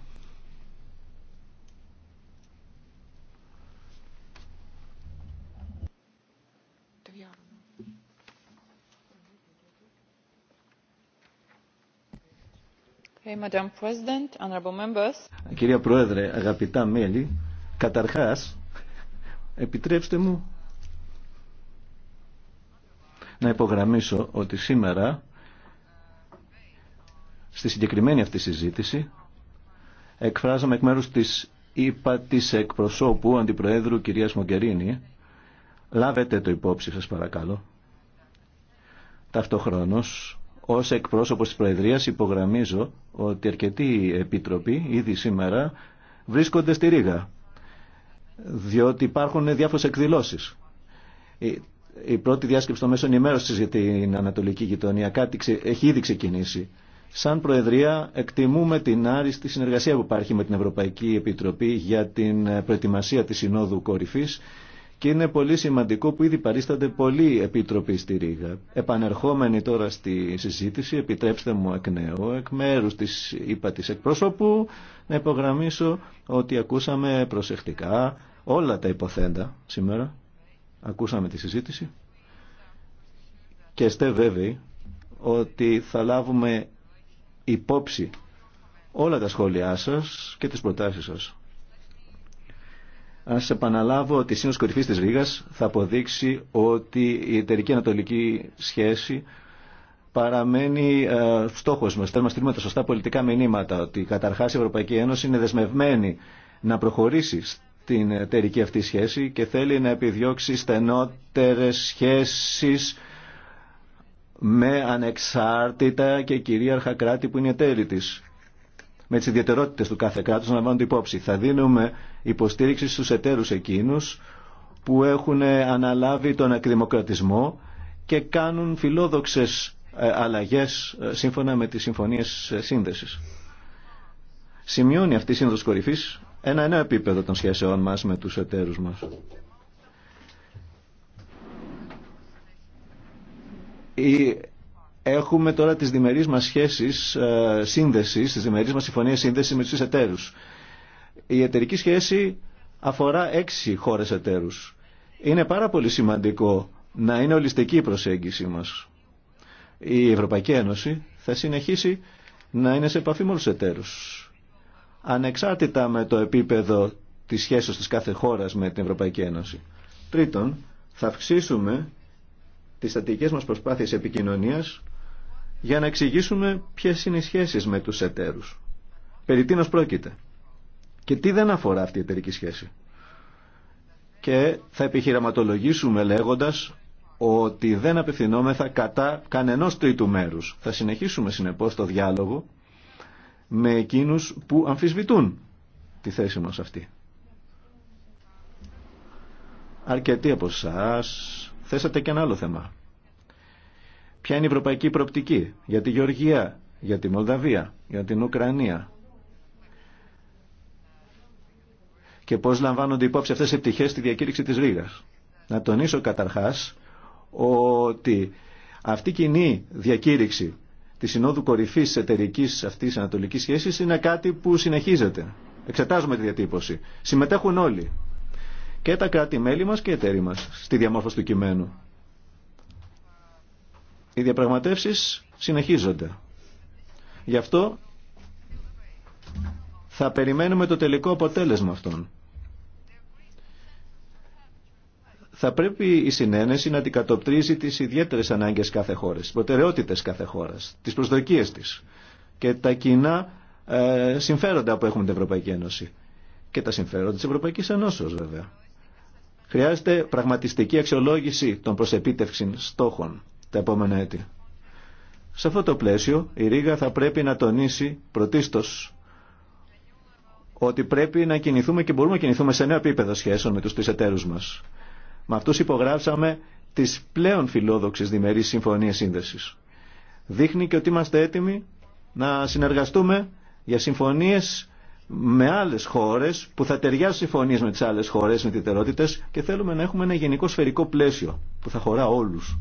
Κυρία Πρόεδρε, αγαπητά μέλη, καταρχάς, επιτρέψτε μου να υπογραμμίσω ότι σήμερα στη συγκεκριμένη αυτή συζήτηση εκφράζομαι εκ μέρους της ύπα της εκπροσώπου Αντιπροέδρου κυρίας Μογκερίνη λάβετε το υπόψη σας παρακαλώ ταυτοχρόνως ως εκπρόσωπος της Προεδρίας υπογραμμίζω ότι αρκετοί επίτροποι ήδη σήμερα βρίσκονται στη Ρήγα, διότι υπάρχουν διάφορες εκδηλώσεις. Η πρώτη διάσκεψη των μέσων ενημέρωση για την Ανατολική Γειτονία κάτι έχει ήδη ξεκινήσει. Σαν Προεδρία εκτιμούμε την άριστη συνεργασία που υπάρχει με την Ευρωπαϊκή Επιτροπή για την προετοιμασία της Συνόδου Κορυφής και είναι πολύ σημαντικό που ήδη παρίστανται πολλοί επίτροποι στη Ρήγα. Επανερχόμενοι τώρα στη συζήτηση, επιτρέψτε μου εκ νέου, εκ μέρους της είπα της εκπρόσωπου, να υπογραμμίσω ότι ακούσαμε προσεκτικά όλα τα υποθέντα σήμερα. Ακούσαμε τη συζήτηση και στε βέβαιοι ότι θα λάβουμε υπόψη όλα τα σχόλιά σας και τις προτάσεις σας. Ας επαναλάβω ότι η σύνος Κορυφής της Ρήγας θα αποδείξει ότι η εταιρική ανατολική σχέση παραμένει ε, στόχος μας. Θέλουμε να στείλουμε τα σωστά πολιτικά μηνύματα ότι καταρχάς η Ευρωπαϊκή Ένωση είναι δεσμευμένη να προχωρήσει στην εταιρική αυτή σχέση και θέλει να επιδιώξει στενότερες σχέσεις με ανεξάρτητα και κυρίαρχα κράτη που είναι εταίροι της με τι ιδιαιτερότητε του κάθε κράτου να λαμβάνονται υπόψη. Θα δίνουμε υποστήριξη στου εταίρου εκείνου που έχουν αναλάβει τον εκδημοκρατισμό και κάνουν φιλόδοξε ε, αλλαγέ ε, σύμφωνα με τι συμφωνίε ε, σύνδεση. Σημειώνει αυτή η σύνδεση κορυφή ένα νέο επίπεδο των σχέσεών μα με του εταίρου μα. Έχουμε τώρα τις διμερείς μας σχέσεις ε, σύνδεσης, τις διμερείς μας συμφωνίες σύνδεσης με τους εταίρους. Η εταιρική σχέση αφορά έξι χώρες εταίρους. Είναι πάρα πολύ σημαντικό να είναι ολιστική η προσέγγιση μας. Η Ευρωπαϊκή Ένωση θα συνεχίσει να είναι σε επαφή με όλους εταίρους. Ανεξάρτητα με το επίπεδο της σχέσης της κάθε χώρας με την Ευρωπαϊκή Ένωση. Τρίτον, θα αυξήσουμε τις στατικές μας προσπάθειες επικοινωνίας για να εξηγήσουμε ποιε είναι οι σχέσει με τους εταίρου. Περί τίνος πρόκειται. Και τι δεν αφορά αυτή η εταιρική σχέση. Και θα επιχειρηματολογήσουμε λέγοντας ότι δεν απευθυνόμεθα κατά κανενός τρίτου μέρους. Θα συνεχίσουμε συνεπώς το διάλογο με εκείνους που αμφισβητούν τη θέση μας αυτή. Αρκετοί από εσά θέσατε και ένα άλλο θέμα. Ποια είναι η ευρωπαϊκή προοπτική για τη Γεωργία, για τη Μολδαβία, για την Ουκρανία. Και πώς λαμβάνονται υπόψη αυτές οι πτυχές στη διακήρυξη της Ρήγας. Να τονίσω καταρχάς ότι αυτή η κοινή διακήρυξη τη Συνόδου Κορυφή τη εταιρική αυτή ανατολική σχέση είναι κάτι που συνεχίζεται. Εξετάζουμε τη διατύπωση. Συμμετέχουν όλοι. Και τα κράτη-μέλη μα και οι εταίροι μα στη διαμόρφωση του κειμένου. Οι διαπραγματεύσεις συνεχίζονται. Γι' αυτό θα περιμένουμε το τελικό αποτέλεσμα αυτών. Θα πρέπει η συνένεση να αντικατοπτρίζει τις ιδιαίτερες ανάγκες κάθε χώρας, τις προτεραιότητες κάθε χώρας, τις προσδοκίες της και τα κοινά ε, συμφέροντα που έχουν την Ευρωπαϊκή Ένωση και τα συμφέροντα της Ευρωπαϊκής Ενώσεως βέβαια. Χρειάζεται πραγματιστική αξιολόγηση των προσεπίτευξης στόχων τα επόμενα έτη. Σε αυτό το πλαίσιο η Ρήγα θα πρέπει να τονίσει πρωτίστως ότι πρέπει να κινηθούμε και μπορούμε να κινηθούμε σε νέο επίπεδο σχέσεων με τους τρεις εταίρους μας. Με αυτούς υπογράψαμε τις πλέον φιλόδοξες διμερείς συμφωνίες σύνδεσης. Δείχνει και ότι είμαστε έτοιμοι να συνεργαστούμε για συμφωνίες με άλλες χώρες που θα ταιριάζουν συμφωνίες με τις άλλες χώρες, με τυτερότητες και θέλουμε να έχουμε ένα γενικό σφαιρικό πλαίσιο που θα χωρά όλους.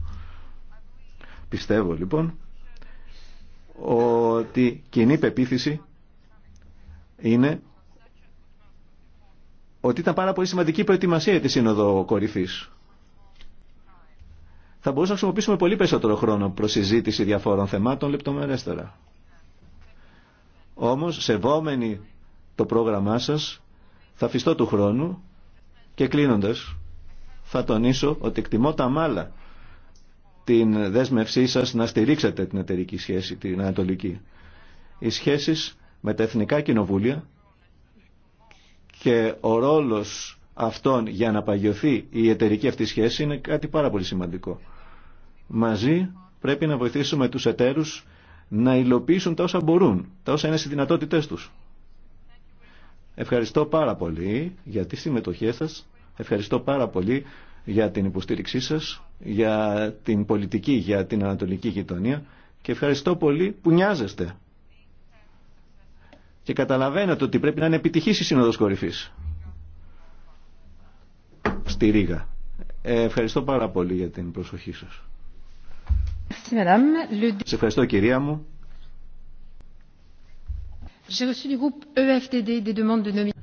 Πιστεύω λοιπόν ότι κοινή πεποίθηση είναι ότι ήταν πάρα πολύ σημαντική η προετοιμασία για τη Σύνοδο Κορυφής. Θα μπορούσαμε να χρησιμοποιήσουμε πολύ περισσότερο χρόνο προς συζήτηση διαφόρων θεμάτων λεπτομερέστερα. Όμως, σεβόμενοι το πρόγραμμά σας, θα φυστώ του χρόνου και κλείνοντας, θα τονίσω ότι εκτιμώ τα μάλα την δέσμευσή σας να στηρίξετε την εταιρική σχέση, την ανατολική. Οι σχέσεις με τα εθνικά κοινοβούλια και ο ρόλος αυτών για να παγιωθεί η εταιρική αυτή σχέση είναι κάτι πάρα πολύ σημαντικό. Μαζί πρέπει να βοηθήσουμε τους εταίρους να υλοποιήσουν τα όσα μπορούν, τα όσα είναι στις δυνατότητές τους. Ευχαριστώ πάρα πολύ για τη συμμετοχή σας. Ευχαριστώ πάρα πολύ για την υποστήριξή σας για την πολιτική, για την ανατολική γειτονία και ευχαριστώ πολύ που νοιάζεστε. Και καταλαβαίνετε ότι πρέπει να είναι επιτυχής η Σύνοδος Κορυφής στη Ρήγα. Ε, ευχαριστώ πάρα πολύ για την προσοχή σας. Σε ευχαριστώ κυρία μου.